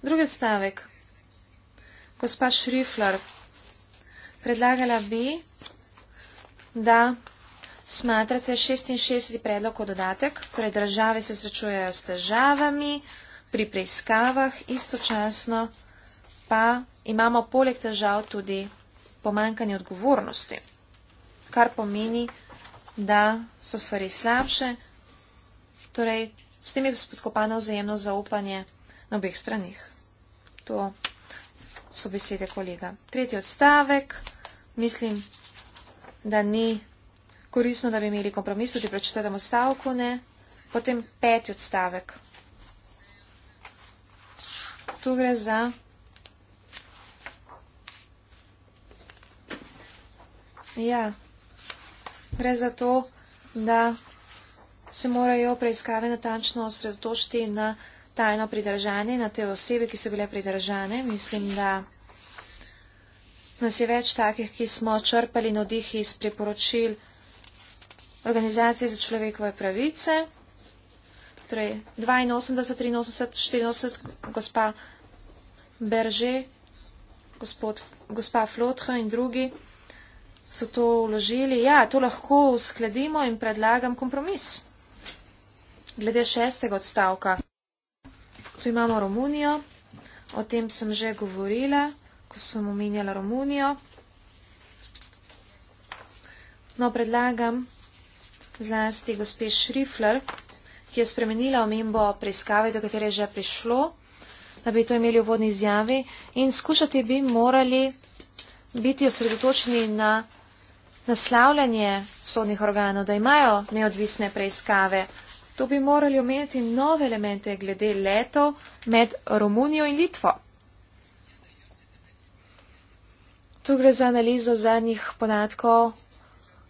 Drugi stavek. Gospa Šrifler, predlagala bi, da smatrate 66. predlog kot dodatek, torej države se srečujejo s težavami pri preiskavah, istočasno pa imamo poleg težav tudi pomankanje odgovornosti, kar pomeni, da so stvari slabše, Torej, s tem je spodkopano vzajemno zaupanje na obeh stranih. To so besede kolega. Tretji odstavek. Mislim, da ni koristno, da bi imeli kompromis, če prečtemo stavko, ne. Potem peti odstavek. Tu gre za. Ja, gre za to, da se morajo preiskave natančno osredotočiti na tajno pridržanje, na te osebe, ki so bile pridržane. Mislim, da nas je več takih, ki smo črpali na dih iz priporočil Organizacije za človekove pravice. Torej, 82, 83, 84, gospa Berže, gospod, gospa Flotho in drugi so to vložili. Ja, to lahko uskladimo in predlagam kompromis glede šestega odstavka. Tu imamo Romunijo, o tem sem že govorila, ko sem omenjala Romunijo. No, predlagam zlasti gospe Šrifler, ki je spremenila omembo preiskave, do katere je že prišlo, da bi to imeli v vodni izjavi in skušati bi morali biti osredotočeni na naslavljanje sodnih organov, da imajo neodvisne preiskave, tu bi morali omeniti nove elemente glede letov med Romunijo in Litvo. Tu gre za analizo zadnjih podatkov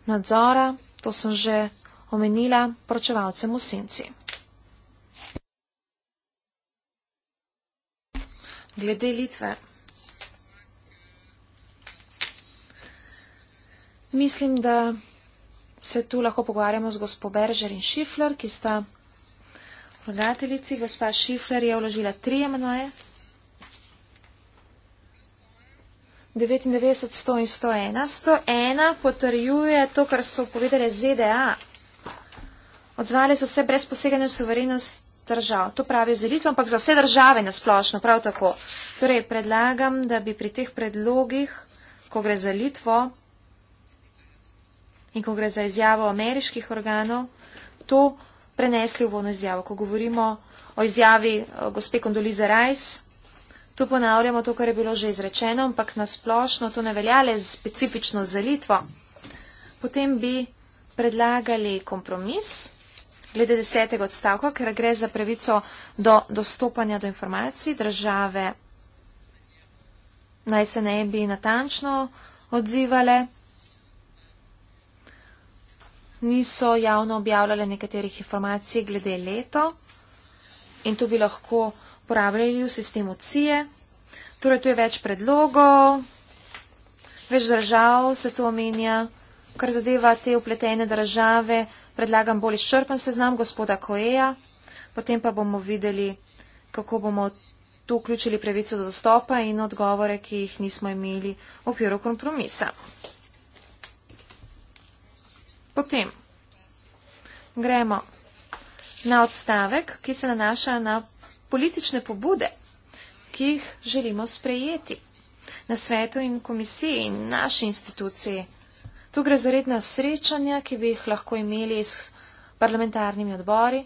nadzora, to sem že omenila pročevalcem v senci. Glede Litve. Mislim, da se tu lahko pogovarjamo z gospod Berger in Šifler, ki sta vlagateljici. Gospa Šifler je vložila tri amenoje. 99, 100 in 101. 101 potrjuje to, kar so povedali ZDA. Odzvali so se brez poseganja v soverenost držav. To pravijo z elitvo, ampak za vse države nasplošno, prav tako. Torej, predlagam, da bi pri teh predlogih, ko gre za Litvo, in ko gre za izjavo ameriških organov, to prenesli v ono izjavo. Ko govorimo o izjavi eh, gospe Kondolize Rajs, tu ponavljamo to, kar je bilo že izrečeno, ampak nasplošno to ne velja le specifično za Litvo. Potem bi predlagali kompromis glede desetega odstavka, ker gre za pravico do dostopanja do informacij države. Naj se ne bi natančno odzivale niso javno objavljale nekaterih informacij glede leto in to bi lahko uporabljali v sistemu CIE. Torej, tu je več predlogov, več držav se to omenja. Kar zadeva te upletene države, predlagam bolj izčrpen seznam gospoda Koeja, potem pa bomo videli, kako bomo tu vključili pravico do dostopa in odgovore, ki jih nismo imeli v okviru kompromisa. Potem gremo na odstavek, ki se nanaša na politične pobude, ki jih želimo sprejeti na svetu in komisiji in naši instituciji. Tu gre za redna srečanja, ki bi jih lahko imeli s parlamentarnimi odbori,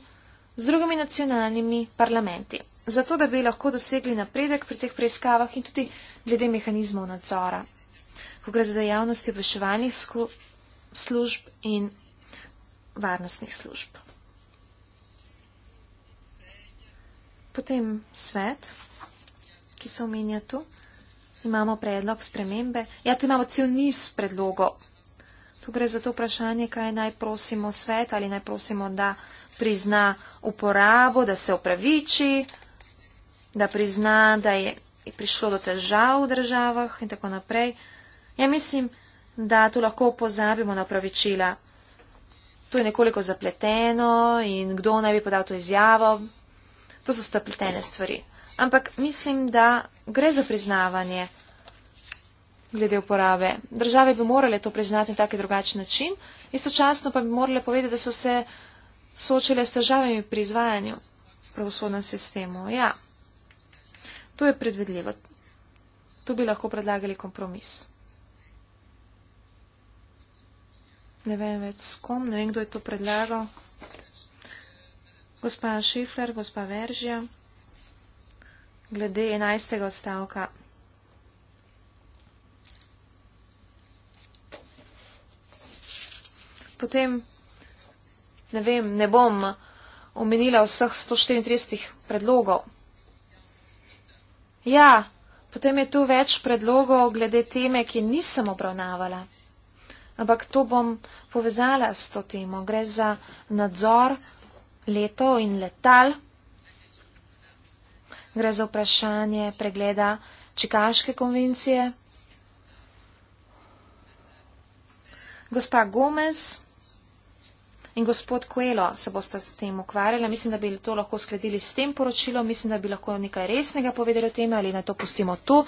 z drugimi nacionalnimi parlamenti, zato da bi lahko dosegli napredek pri teh preiskavah in tudi glede mehanizmov nadzora. Ko gre za dejavnosti obveščevalnih skupin, služb in varnostnih služb. Potem svet, ki se omenja tu. Imamo predlog spremembe. Ja, tu imamo cel niz predlogov. Tu gre za to vprašanje, kaj naj prosimo svet ali naj prosimo, da prizna uporabo, da se opraviči, da prizna, da je prišlo do težav v državah in tako naprej. Ja, mislim, da tu lahko pozabimo na pravičila. To je nekoliko zapleteno in kdo naj bi podal to izjavo. To so zapletene stvari. Ampak mislim, da gre za priznavanje glede uporabe. Države bi morale to priznati na tak drugačen način, istočasno pa bi morale povedati, da so se soočile s težavami pri izvajanju pravosodnem sistemu. Ja, to je predvedljivo. Tu bi lahko predlagali kompromis. ne vem več s kom, ne vem, kdo je to predlagal. Gospa Šifler, gospa Veržja, glede enajstega odstavka. Potem, ne vem, ne bom omenila vseh 134 predlogov. Ja, potem je tu več predlogov glede teme, ki nisem obravnavala ampak to bom povezala s to temo. Gre za nadzor leto in letal, gre za vprašanje pregleda Čikaške konvencije. Gospa Gomez in gospod Kuelo se boste s tem ukvarjali. Mislim, da bi to lahko skladili s tem poročilom, mislim, da bi lahko nekaj resnega povedali o tem ali na to pustimo tu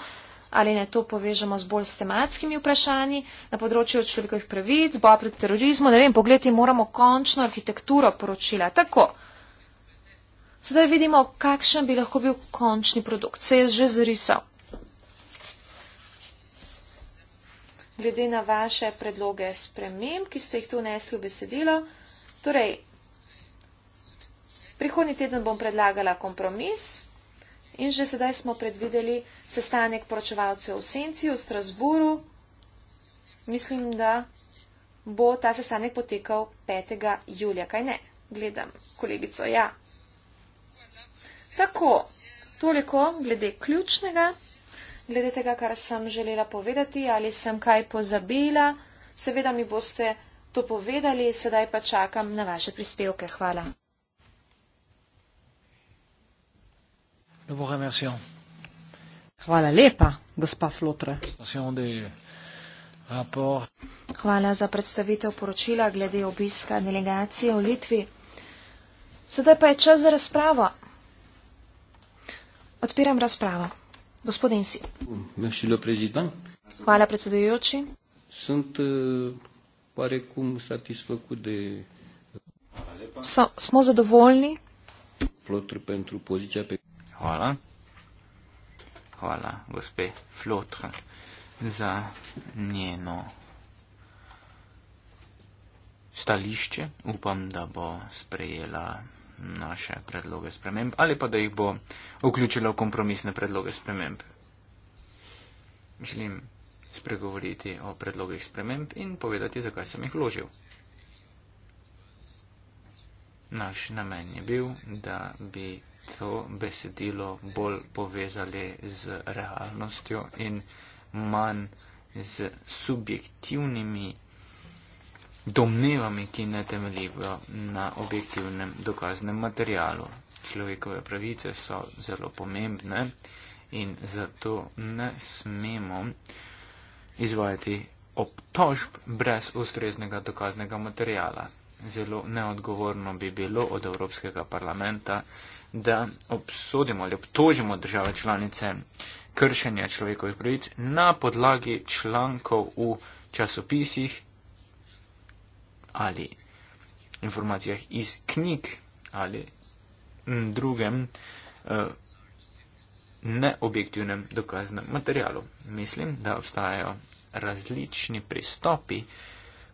ali ne to povežemo z bolj sistematskimi vprašanji na področju človekovih pravic, boja proti terorizmu, ne vem, pogledati moramo končno arhitekturo poročila. Tako. Sedaj vidimo, kakšen bi lahko bil končni produkt. Se je že zrisal. Glede na vaše predloge sprememb, ki ste jih tu nesli v besedilo. Torej, prihodni teden bom predlagala kompromis, In že sedaj smo predvideli sestanek poročevalcev v Senci v Strasburu. Mislim, da bo ta sestanek potekal 5. julija. Kaj ne? Gledam, kolegico, ja. Tako, toliko glede ključnega, glede tega, kar sem želela povedati, ali sem kaj pozabila. Seveda mi boste to povedali, sedaj pa čakam na vaše prispevke. Hvala. Nous vous remercions. Hvala lepa, gospa Flotre. Hvala za predstavitev poročila glede obiska delegacije v Litvi. Sedaj pa je čas za razpravo. Odpiram razpravo. Gospodin si. Hvala predsedujoči. Uh, smo zadovoljni. Hvala. Hvala gospe Flotre za njeno stališče. Upam, da bo sprejela naše predloge sprememb ali pa da jih bo vključila v kompromisne predloge sprememb. Želim spregovoriti o predlogih sprememb in povedati, zakaj sem jih vložil. Naš namen je bil, da bi to besedilo bolj povezali z realnostjo in manj z subjektivnimi domnevami, ki ne temeljijo na objektivnem dokaznem materialu. Človekove pravice so zelo pomembne in zato ne smemo izvajati obtožb brez ustreznega dokaznega materijala. Zelo neodgovorno bi bilo od Evropskega parlamenta, da obsodimo ali obtožimo države članice kršenja človekovih pravic na podlagi člankov v časopisih ali informacijah iz knjig ali drugem eh, neobjektivnem dokaznem materialu. Mislim, da obstajajo različni pristopi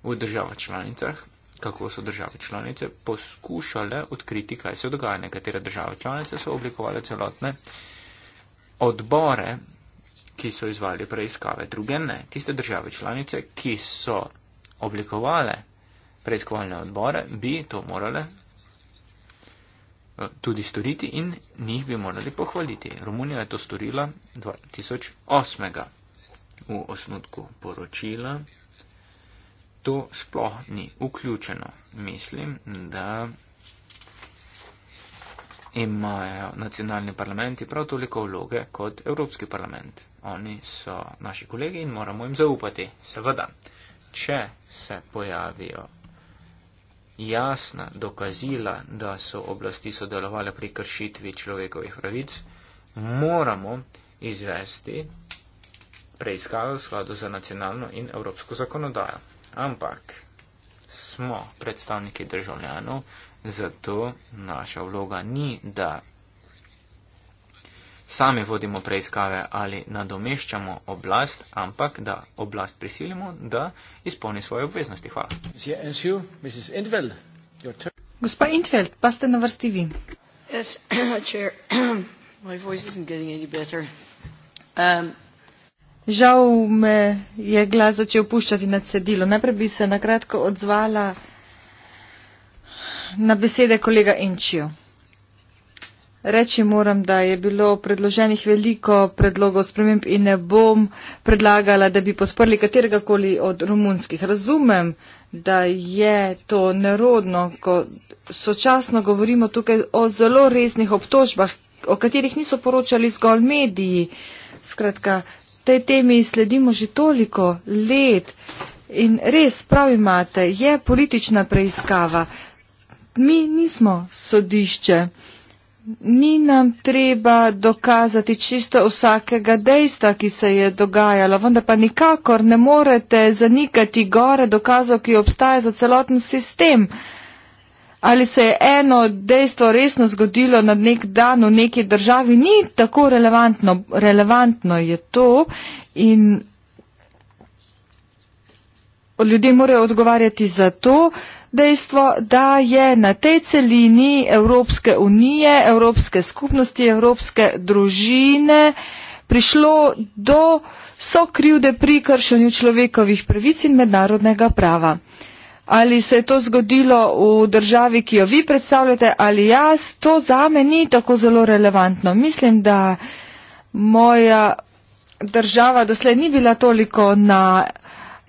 v državah članicah kako so države članice poskušale odkriti, kaj se dogaja. Nekatere države članice so oblikovali celotne odbore, ki so izvali preiskave, druge ne. Tiste države članice, ki so oblikovale preiskovalne odbore, bi to morale eh, tudi storiti in njih bi morali pohvaliti. Romunija je to storila 2008. v osnutku poročila to sploh ni vključeno. Mislim, da imajo nacionalni parlamenti prav toliko vloge kot Evropski parlament. Oni so naši kolegi in moramo jim zaupati. Seveda, če se pojavijo jasna dokazila, da so oblasti sodelovali pri kršitvi človekovih pravic, moramo izvesti preiskave v skladu za nacionalno in evropsko zakonodajo ampak smo predstavniki državljanov, zato naša vloga ni, da sami vodimo preiskave ali nadomeščamo oblast, ampak da oblast prisilimo, da izpolni svoje obveznosti. Hvala. Gospa Intveld, pa ste na vrsti vi. Yes, Žal me je glas začel puščati na cedilo. Najprej bi se nakratko odzvala na besede kolega Enčijo. Reči moram, da je bilo predloženih veliko predlogov sprememb in ne bom predlagala, da bi podprli katerega koli od romunskih. Razumem, da je to nerodno, ko sočasno govorimo tukaj o zelo resnih obtožbah, o katerih niso poročali zgolj mediji. Skratka, tej temi sledimo že toliko let in res, pravi imate, je politična preiskava. Mi nismo sodišče. Ni nam treba dokazati čisto vsakega dejstva, ki se je dogajalo, vendar pa nikakor ne morete zanikati gore dokazov, ki obstaja za celoten sistem. Uh, ali se je eno dejstvo resno zgodilo na nek dan v neki državi, ni tako relevantno. Relevantno je to in ljudje morajo odgovarjati za to dejstvo, da je na tej celini Evropske unije, Evropske skupnosti, Evropske družine prišlo do so krivde pri kršenju človekovih pravic in mednarodnega prava ali se je to zgodilo v državi, ki jo vi predstavljate, ali jaz, to zame ni tako zelo relevantno. Mislim, da moja država doslej ni bila toliko na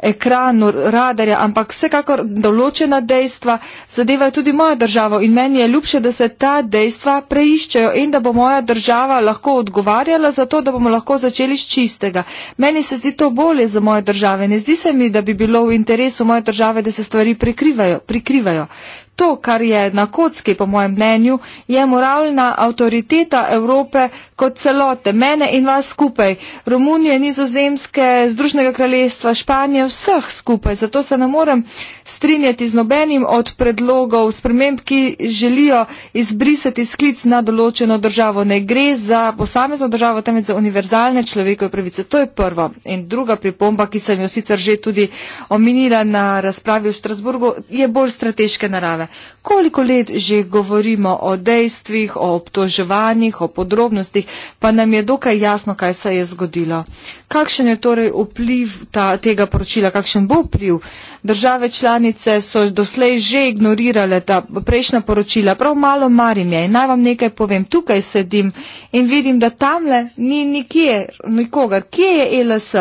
ekranu radarja, ampak vsekakor določena dejstva zadevajo tudi mojo državo in meni je ljubše, da se ta dejstva preiščajo in da bo moja država lahko odgovarjala za to, da bomo lahko začeli s čistega. Meni se zdi to bolje za moje države. Ne zdi se mi, da bi bilo v interesu moje države, da se stvari prikrivajo. prikrivajo to, kar je na kocki, po mojem mnenju, je moralna avtoriteta Evrope kot celote, mene in vas skupaj, Romunije, Nizozemske, Združnega kraljestva, Španije, vseh skupaj. Zato se ne morem strinjati z nobenim od predlogov sprememb, ki želijo izbrisati sklic na določeno državo. Ne gre za posamezno državo, temveč za univerzalne človekove pravice. To je prvo. In druga pripomba, ki sem jo sicer že tudi omenila na razpravi v Štrasburgu, je bolj strateške narave. Koliko let že govorimo o dejstvih, o obtoževanjih, o podrobnostih, pa nam je dokaj jasno, kaj se je zgodilo. Kakšen je torej vpliv ta, tega poročila, kakšen bo vpliv? Države članice so doslej že ignorirale ta prejšnja poročila, prav malo marim je. Naj vam nekaj povem, tukaj sedim in vidim, da tamle ni nikjer nikogar. Kje je e LS?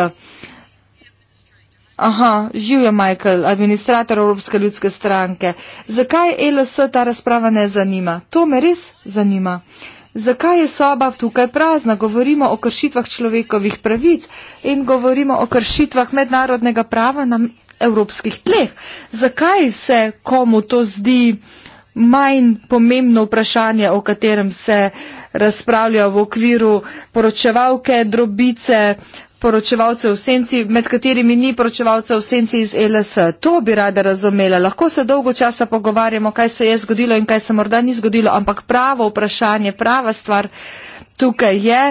Aha, živi Michael, administrator Evropske ljudske stranke. Zakaj e LS ta razprava ne zanima? To me res zanima. Zakaj je soba tukaj prazna? Govorimo o kršitvah človekovih pravic in govorimo o kršitvah mednarodnega prava na evropskih tleh. Zakaj se komu to zdi manj pomembno vprašanje, o katerem se razpravlja v okviru poročevalke, drobice, poročevalce v senci, med katerimi ni poročevalce v senci iz e LS. To bi rada razumela. Lahko se dolgo časa pogovarjamo, kaj se je zgodilo in kaj se morda ni zgodilo, ampak pravo vprašanje, prava stvar tukaj je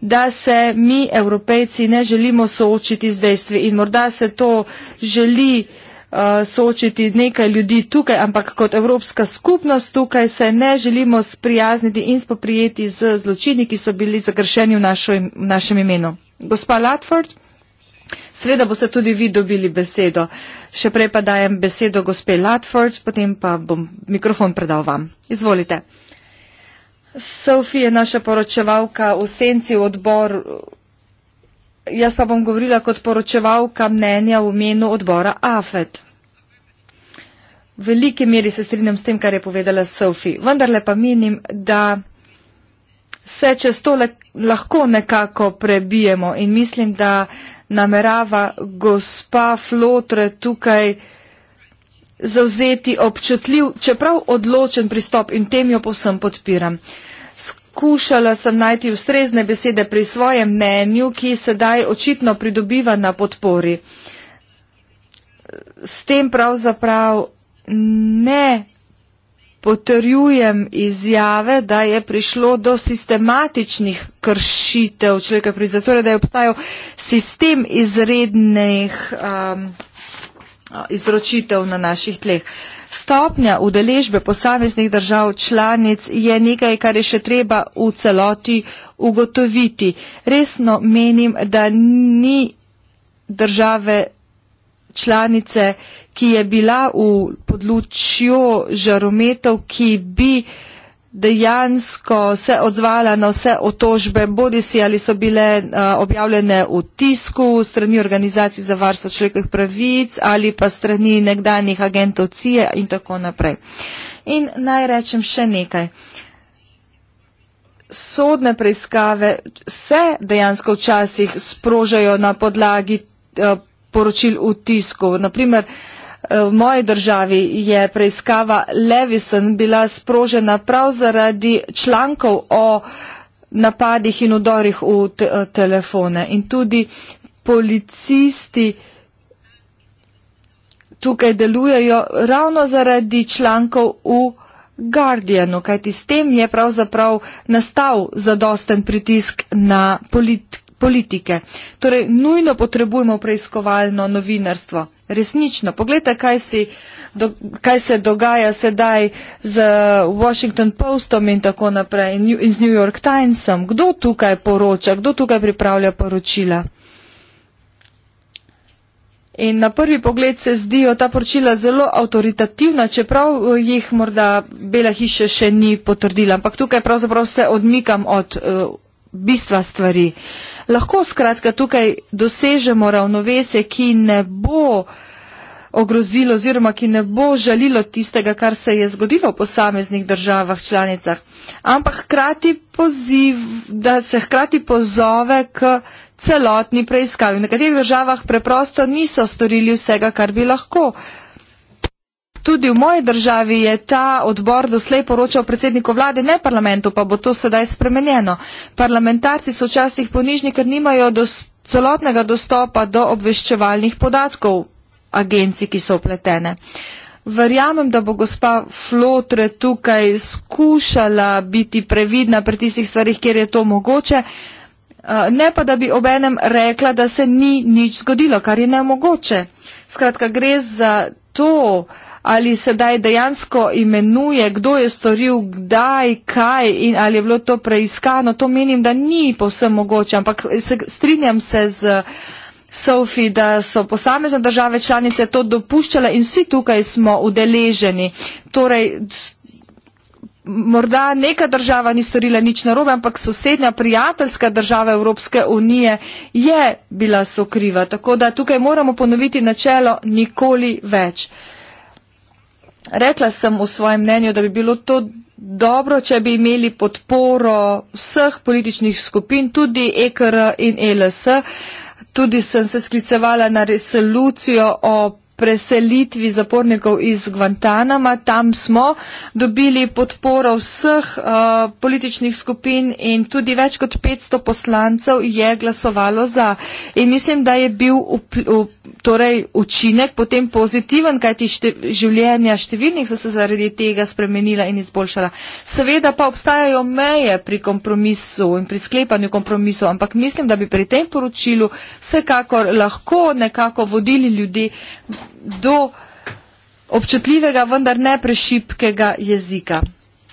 da se mi, evropejci, ne želimo soočiti z dejstvi in morda se to želi uh, soočiti nekaj ljudi tukaj, ampak kot evropska skupnost tukaj se ne želimo sprijazniti in spoprijeti z zločini, ki so bili zagršeni v, našo, v našem imenu. Gospa Latford, sveda boste tudi vi dobili besedo. Še prej pa dajem besedo gospe Latford, potem pa bom mikrofon predal vam. Izvolite. Sophie je naša poročevalka v senci v odbor. Jaz pa bom govorila kot poročevalka mnenja v imenu odbora AFED. V veliki meri se strinjam s tem, kar je povedala Sophie. Vendar le pa menim, da se čez to le, lahko nekako prebijemo in mislim, da namerava gospa Flotre tukaj zauzeti občutljiv, čeprav odločen pristop in tem jo posem podpiram. Skušala sem najti ustrezne besede pri svojem mnenju, ki sedaj očitno pridobiva na podpori. S tem pravzaprav ne potrjujem izjave, da je prišlo do sistematičnih kršitev človeka pri zatore, da je obstajal sistem izrednih um, izročitev na naših tleh. Stopnja udeležbe posameznih držav članic je nekaj, kar je še treba v celoti ugotoviti. Resno menim, da ni države članice, ki je bila v podlučju žarometov, ki bi dejansko se odzvala na vse otožbe, bodi si ali so bile uh, objavljene v tisku strani organizacij za varstvo človekovih pravic ali pa strani nekdanjih agentov CIA in tako naprej. In naj rečem še nekaj. Sodne preiskave se dejansko včasih sprožajo na podlagi uh, poročil v tisku. Naprimer, eh, v moji državi je preiskava Levison bila sprožena prav zaradi člankov o napadih in udorih v te eh, telefone. In tudi policisti tukaj delujejo ravno zaradi člankov v Guardianu, kajti s tem je pravzaprav nastal zadosten pritisk na politiko politike. Torej, nujno potrebujemo preiskovalno novinarstvo. Resnično, pogledajte, kaj, si, do, kaj se dogaja sedaj z Washington Postom in tako naprej in, in z New York Timesom. Kdo tukaj poroča, kdo tukaj pripravlja poročila? In na prvi pogled se zdijo ta poročila zelo avtoritativna, čeprav eh, jih morda Bela hiša še ni potrdila. Ampak tukaj pravzaprav se odmikam od. Uh, bistva stvari. Lahko skratka tukaj dosežemo ravnovese, ki ne bo ogrozilo oziroma ki ne bo žalilo tistega, kar se je zgodilo v posameznih državah članicah, ampak hkrati poziv, da se hkrati pozove k celotni preiskavi. V nekaterih državah preprosto niso storili vsega, kar bi lahko. Tudi v moji državi je ta odbor doslej poročal predsedniku vlade, ne parlamentu, pa bo to sedaj spremenjeno. Parlamentarci so včasih ponižni, ker nimajo celotnega dostopa do obveščevalnih podatkov agencij, ki so upletene. Verjamem, da bo gospa Flotre tukaj skušala biti previdna pri tistih stvarih, kjer je to mogoče, eh, ne pa da bi obenem rekla, da se ni nič zgodilo, kar je nemogoče. Skratka, gre za to, ali sedaj dejansko imenuje, kdo je storil, kdaj, kaj in ali je bilo to preiskano, to menim, da ni povsem mogoče, ampak se, strinjam se z. Sofi, da so posamezne države članice to dopuščale in vsi tukaj smo udeleženi. Torej, morda neka država ni storila nič narobe, ampak sosednja prijateljska država Evropske unije je bila sokriva. Tako da tukaj moramo ponoviti načelo nikoli več. Rekla sem v svojem mnenju, da bi bilo to dobro, če bi imeli podporo vseh političnih skupin, tudi EKR in e LS. Tudi sem se sklicevala na resolucijo o preselitvi zapornikov iz Guantanama. Tam smo dobili podporo vseh uh, političnih skupin in tudi več kot 500 poslancev je glasovalo za. In mislim, da je bil upl, up, torej učinek potem pozitiven, kajti šte, življenja številnih so se zaradi tega spremenila in izboljšala. Seveda pa obstajajo meje pri kompromisu in pri sklepanju kompromisov, ampak mislim, da bi pri tem poročilu vsekakor lahko nekako vodili ljudi do občutljivega, vendar ne prešipkega jezika.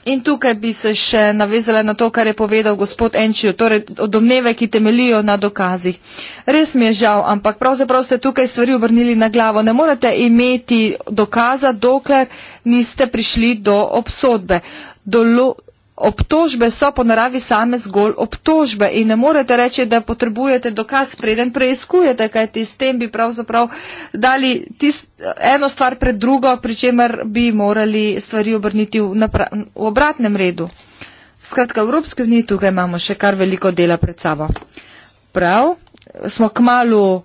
In tukaj bi se še navezala na to, kar je povedal gospod Enčijo, torej od domneve, ki temelijo na dokazih. Res mi je žal, ampak pravzaprav ste tukaj stvari obrnili na glavo. Ne morete imeti dokaza, dokler niste prišli do obsodbe. Dolo, obtožbe so po naravi same zgolj obtožbe in ne morete reči, da potrebujete dokaz, preden preizkujete, kajti s tem bi pravzaprav dali tist, eno stvar pred drugo, pri čemer bi morali stvari obrniti v, napra, v obratnem redu. Skratka, v Evropski uniji tukaj imamo še kar veliko dela pred sabo. Prav, smo kmalu.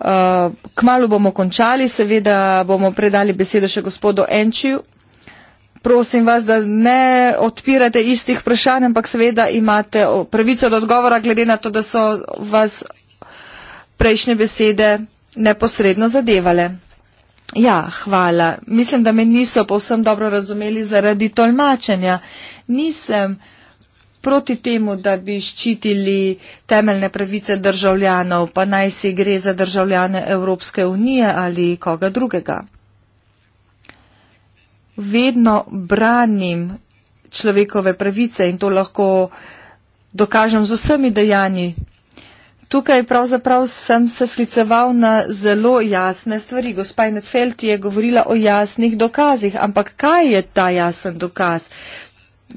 Uh, kmalu bomo končali, seveda bomo predali besedo še gospodu Enčiju prosim vas, da ne odpirate istih vprašanj, ampak seveda imate pravico do odgovora, glede na to, da so vas prejšnje besede neposredno zadevale. Ja, hvala. Mislim, da me niso povsem dobro razumeli zaradi tolmačenja. Nisem proti temu, da bi ščitili temeljne pravice državljanov, pa naj si gre za državljane Evropske unije ali koga drugega vedno branim človekove pravice in to lahko dokažem z vsemi dejanji. Tukaj pravzaprav sem se skliceval na zelo jasne stvari. Gospa Netfeld je govorila o jasnih dokazih, ampak kaj je ta jasen dokaz?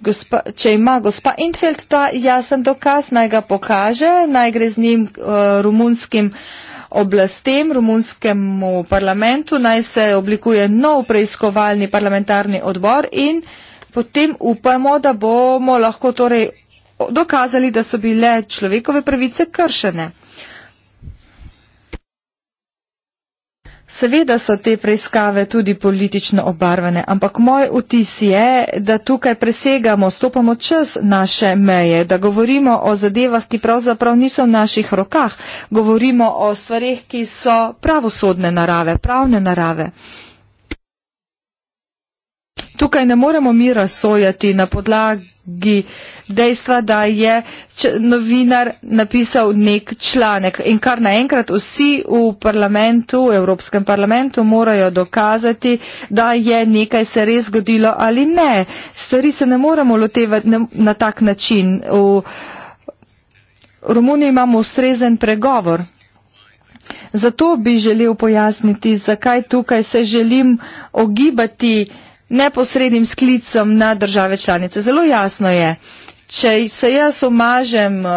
Gospa, če ima gospa Intfeld ta jasen dokaz, naj ga pokaže, naj gre z njim uh, romunskim uh, oblastem, romunskemu parlamentu, naj se oblikuje nov preiskovalni parlamentarni odbor in potem upamo, da bomo lahko torej dokazali, da so bile človekove pravice kršene. Seveda so te preiskave tudi politično obarvane, ampak moj vtis je, da tukaj presegamo, stopamo čez naše meje, da govorimo o zadevah, ki pravzaprav niso v naših rokah, govorimo o stvarih, ki so pravosodne narave, pravne narave tukaj ne moremo mi razsojati na podlagi dejstva, da je novinar napisal nek članek in kar naenkrat vsi v parlamentu, v Evropskem parlamentu morajo dokazati, da je nekaj se res zgodilo ali ne. Stvari se ne moremo lotevati na tak način. V Romuniji imamo ustrezen pregovor. Zato bi želel pojasniti, zakaj tukaj se želim ogibati uh, neposrednim sklicom na države članice. Zelo jasno je, če se jaz omažem, eh,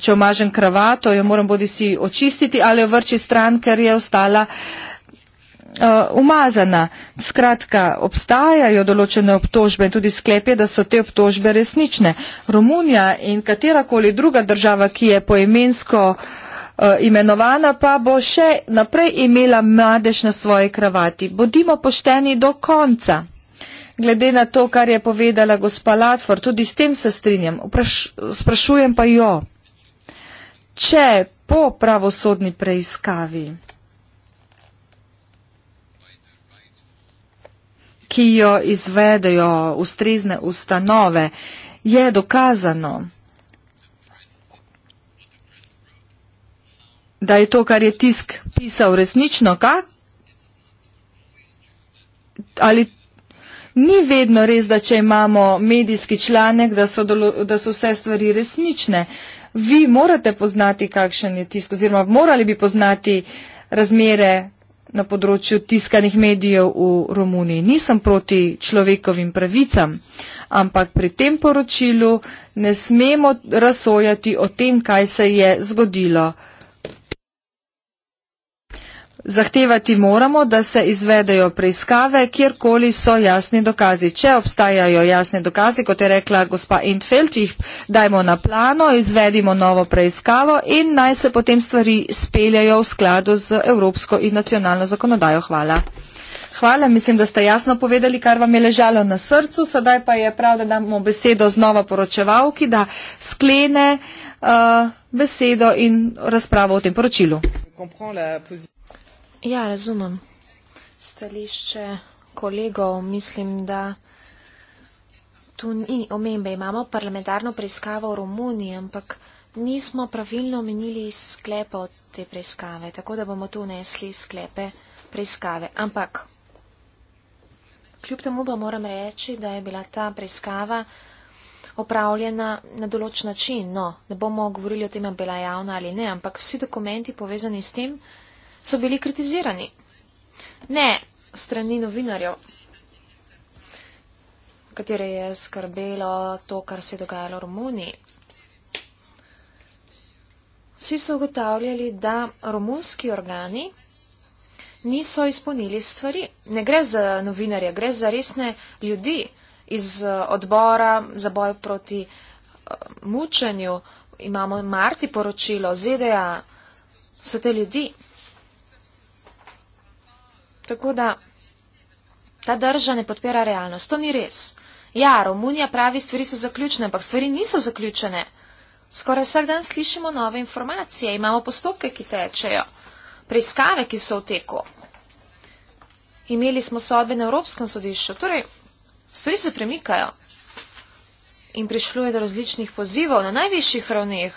če omažem kravato, jo moram bodi si očistiti ali jo vrči stran, ker je ostala eh, umazana. Skratka, obstajajo določene obtožbe in tudi sklepje, da so te obtožbe resnične. Romunija in katerakoli druga država, ki je poemensko eh, imenovana, pa bo še naprej imela mladež na svoji kravati. Bodimo pošteni do konca glede na to, kar je povedala gospa Latvor, tudi s tem se strinjam. Vpraš, sprašujem pa jo, če po pravosodni preiskavi, ki jo izvedejo ustrezne ustanove, je dokazano, da je to, kar je tisk pisal, resnično kak? Ali ni vedno res, da če imamo medijski članek, da so, dolo, da so vse stvari resnične. Vi morate poznati, kakšen je tisk, oziroma morali bi poznati razmere na področju tiskanih medijev v Romuniji. Nisem proti človekovim pravicam, ampak pri tem poročilu ne smemo razsojati o tem, kaj se je zgodilo. Zahtevati moramo, da se izvedejo preiskave, kjerkoli so jasni dokazi. Če obstajajo jasni dokazi, kot je rekla gospa Intfeld, jih dajmo na plano, izvedimo novo preiskavo in naj se potem stvari speljajo v skladu z evropsko in nacionalno zakonodajo. Hvala. Hvala, mislim, da ste jasno povedali, kar vam je ležalo na srcu. Sedaj pa je prav, da damo besedo znova poročevalki, da sklene uh, besedo in razpravo o tem poročilu. Ja, razumem. Stališče kolegov mislim, da tu ni omembe. Imamo parlamentarno preiskavo v Romuniji, ampak nismo pravilno omenili sklepa od te preiskave, tako da bomo tu nesli sklepe preiskave. Ampak kljub temu pa moram reči, da je bila ta preiskava opravljena na določen način. No, ne bomo govorili o tem, ali je bila javna ali ne, ampak vsi dokumenti povezani s tem, so bili kritizirani. Ne strani novinarjev, katere je skrbelo to, kar se je dogajalo v Romuniji. Vsi so ugotavljali, da romunski organi niso izpolnili stvari. Ne gre za novinarje, gre za resne ljudi iz eh, odbora za boj proti eh, mučenju. Imamo Marti poročilo, ZDA, so te ljudi. Tako da ta drža ne podpira realnost. To ni res. Ja, Romunija pravi, stvari so zaključene, ampak stvari niso zaključene. Skoraj vsak dan slišimo nove informacije, imamo postopke, ki tečejo, preiskave, ki so v teku. Imeli smo sodbe na Evropskem sodišču, torej stvari se premikajo in prišlo je do različnih pozivov na najvišjih ravneh,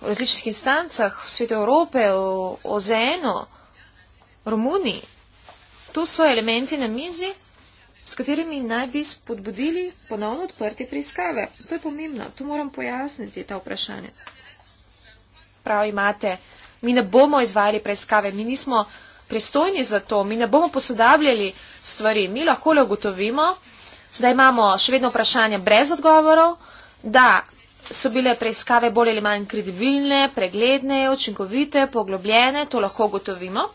v različnih instancah, v svetu Evrope, v OZN-u. Romuni, to so elementi na mizi, s katerimi naj bi spodbudili ponovno odprte preiskave. To je pomembno, to moram pojasniti, ta vprašanje. Prav imate, mi ne bomo izvajali preiskave, mi nismo pristojni za to, mi ne bomo posodabljali stvari, mi lahko le ugotovimo, da imamo še vedno vprašanje brez odgovorov, da so bile preiskave bolj ali manj kredibilne, pregledne, učinkovite, poglobljene, to lahko ugotovimo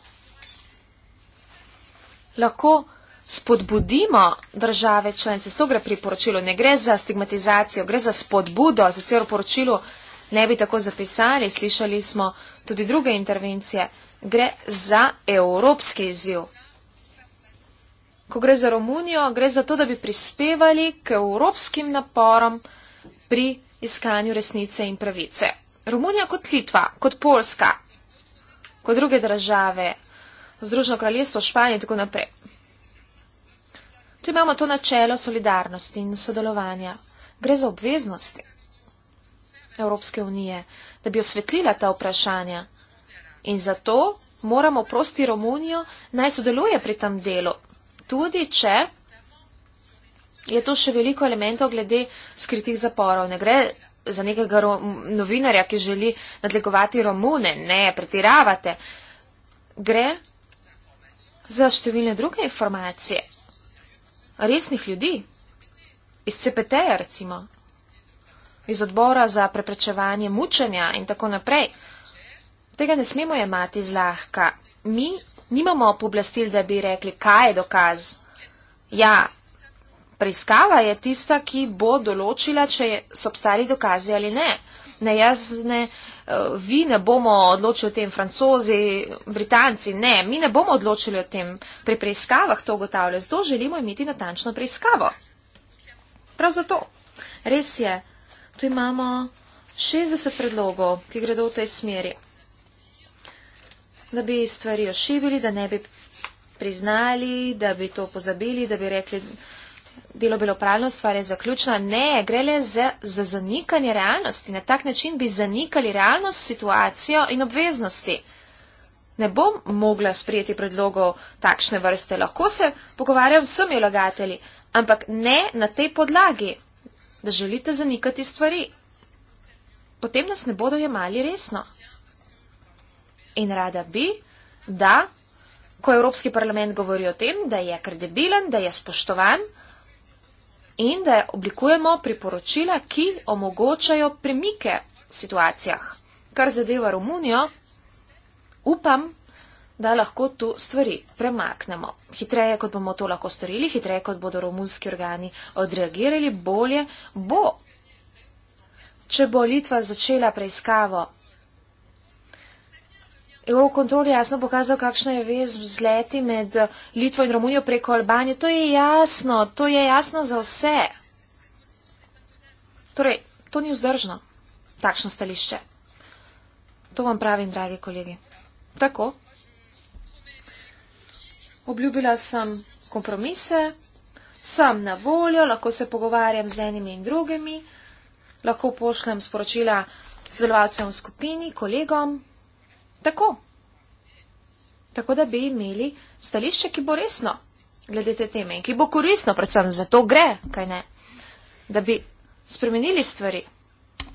lahko spodbudimo države članice. Z to gre priporočilo, ne gre za stigmatizacijo, gre za spodbudo, za celo poročilo ne bi tako zapisali, slišali smo tudi druge intervencije, gre za evropski izziv. Ko gre za Romunijo, gre za to, da bi prispevali k evropskim naporom pri iskanju resnice in pravice. Romunija kot Litva, kot Polska, kot druge države Združeno kraljestvo, Španijo in tako naprej. Tu imamo to načelo solidarnosti in sodelovanja. Gre za obveznosti Evropske unije, da bi osvetlila ta vprašanja. In zato moramo prosti Romunijo naj sodeluje pri tem delu. Tudi, če je to še veliko elementov glede skritih zaporov. Ne gre za nekega novinarja, ki želi nadlegovati Romune. Ne, pretiravate. Gre za številne druge informacije. Resnih ljudi, iz CPT-ja recimo, iz odbora za preprečevanje mučenja in tako naprej. Tega ne smemo jemati zlahka. Mi nimamo pooblastil, da bi rekli, kaj je dokaz. Ja, preiskava je tista, ki bo določila, če so obstali dokazi ali ne. Ne jaz ne Eh, vi ne bomo odločili o tem, francozi, britanci, ne, mi ne bomo odločili o tem, pri preiskavah to ugotavlja, zato želimo imeti natančno preiskavo. Prav zato. Res je, tu imamo 60 predlogov, ki gredo v tej smeri, da bi stvari ošibili, da ne bi priznali, da bi to pozabili, da bi rekli, delo belopravno stvar je zaključena. Ne, gre le za, za zanikanje realnosti. Na tak način bi zanikali realnost, situacijo in obveznosti. Ne bom mogla sprijeti predlogov takšne vrste. Lahko se pogovarjam s vsemi vlagatelji, ampak ne na tej podlagi, da želite zanikati stvari. Potem nas ne bodo jemali resno. In rada bi, da, ko Evropski parlament govori o tem, da je kredibilen, da je spoštovan, in da oblikujemo priporočila, ki omogočajo premike v situacijah. Kar zadeva Romunijo, upam, da lahko tu stvari premaknemo. Hitreje, kot bomo to lahko storili, hitreje, kot bodo romunski organi odreagirali, bolje bo. Če bo Litva začela preiskavo Eurocontrol je jasno pokazal, kakšna je vez z leti med eh, Litvo in Romunijo preko Albanije. To je jasno, to je jasno za vse. Torej, to ni vzdržno, takšno stališče. To vam pravim, dragi kolegi. Tako. Obljubila sem kompromise, sem na voljo, lahko se pogovarjam z enimi in drugimi, lahko pošljem sporočila zelovalcem v skupini, kolegom. Tako. Tako da bi imeli stališče, ki bo resno glede te teme in ki bo korisno, predvsem za to gre, kaj ne, da bi spremenili stvari.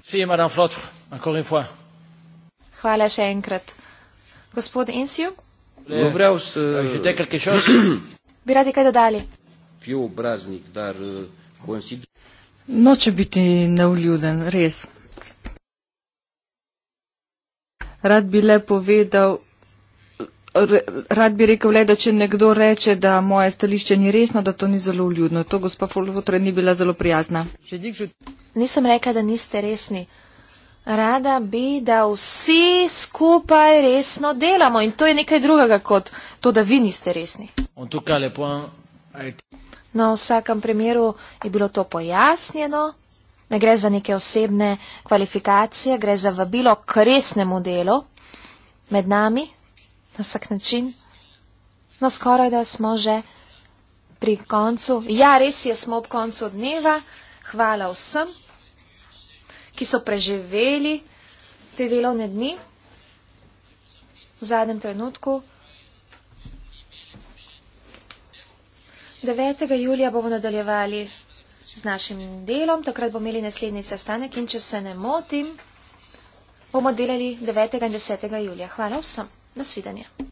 Si, madame Flot, encore une fois. Hvala še enkrat. Gospod Insiu? Uh, eh, bi radi kaj dodali? Praznik, dar, uh, eh, consider... Noče biti neuljuden, res. Rad bi le povedal, rad bi rekel le, da če nekdo reče, da moje stališče ni resno, da to ni zelo vljudno. To gospa Folvotra ni bila zelo prijazna. Nisem rekla, da niste resni. Rada bi, da vsi skupaj resno delamo in to je nekaj drugega kot to, da vi niste resni. No, v vsakem primeru je bilo to pojasnjeno ne gre za neke osebne kvalifikacije, gre za vabilo k resnemu delu med nami na vsak način. No, skoraj da smo že pri koncu. Ja, res je, smo ob koncu dneva. Hvala vsem, ki so preživeli te delovne dni v zadnjem trenutku. 9. julija bomo nadaljevali z našim delom. Takrat bomo imeli naslednji sestanek in če se ne motim, bomo delali 9. in 10. julija. Hvala vsem. Nasvidenje.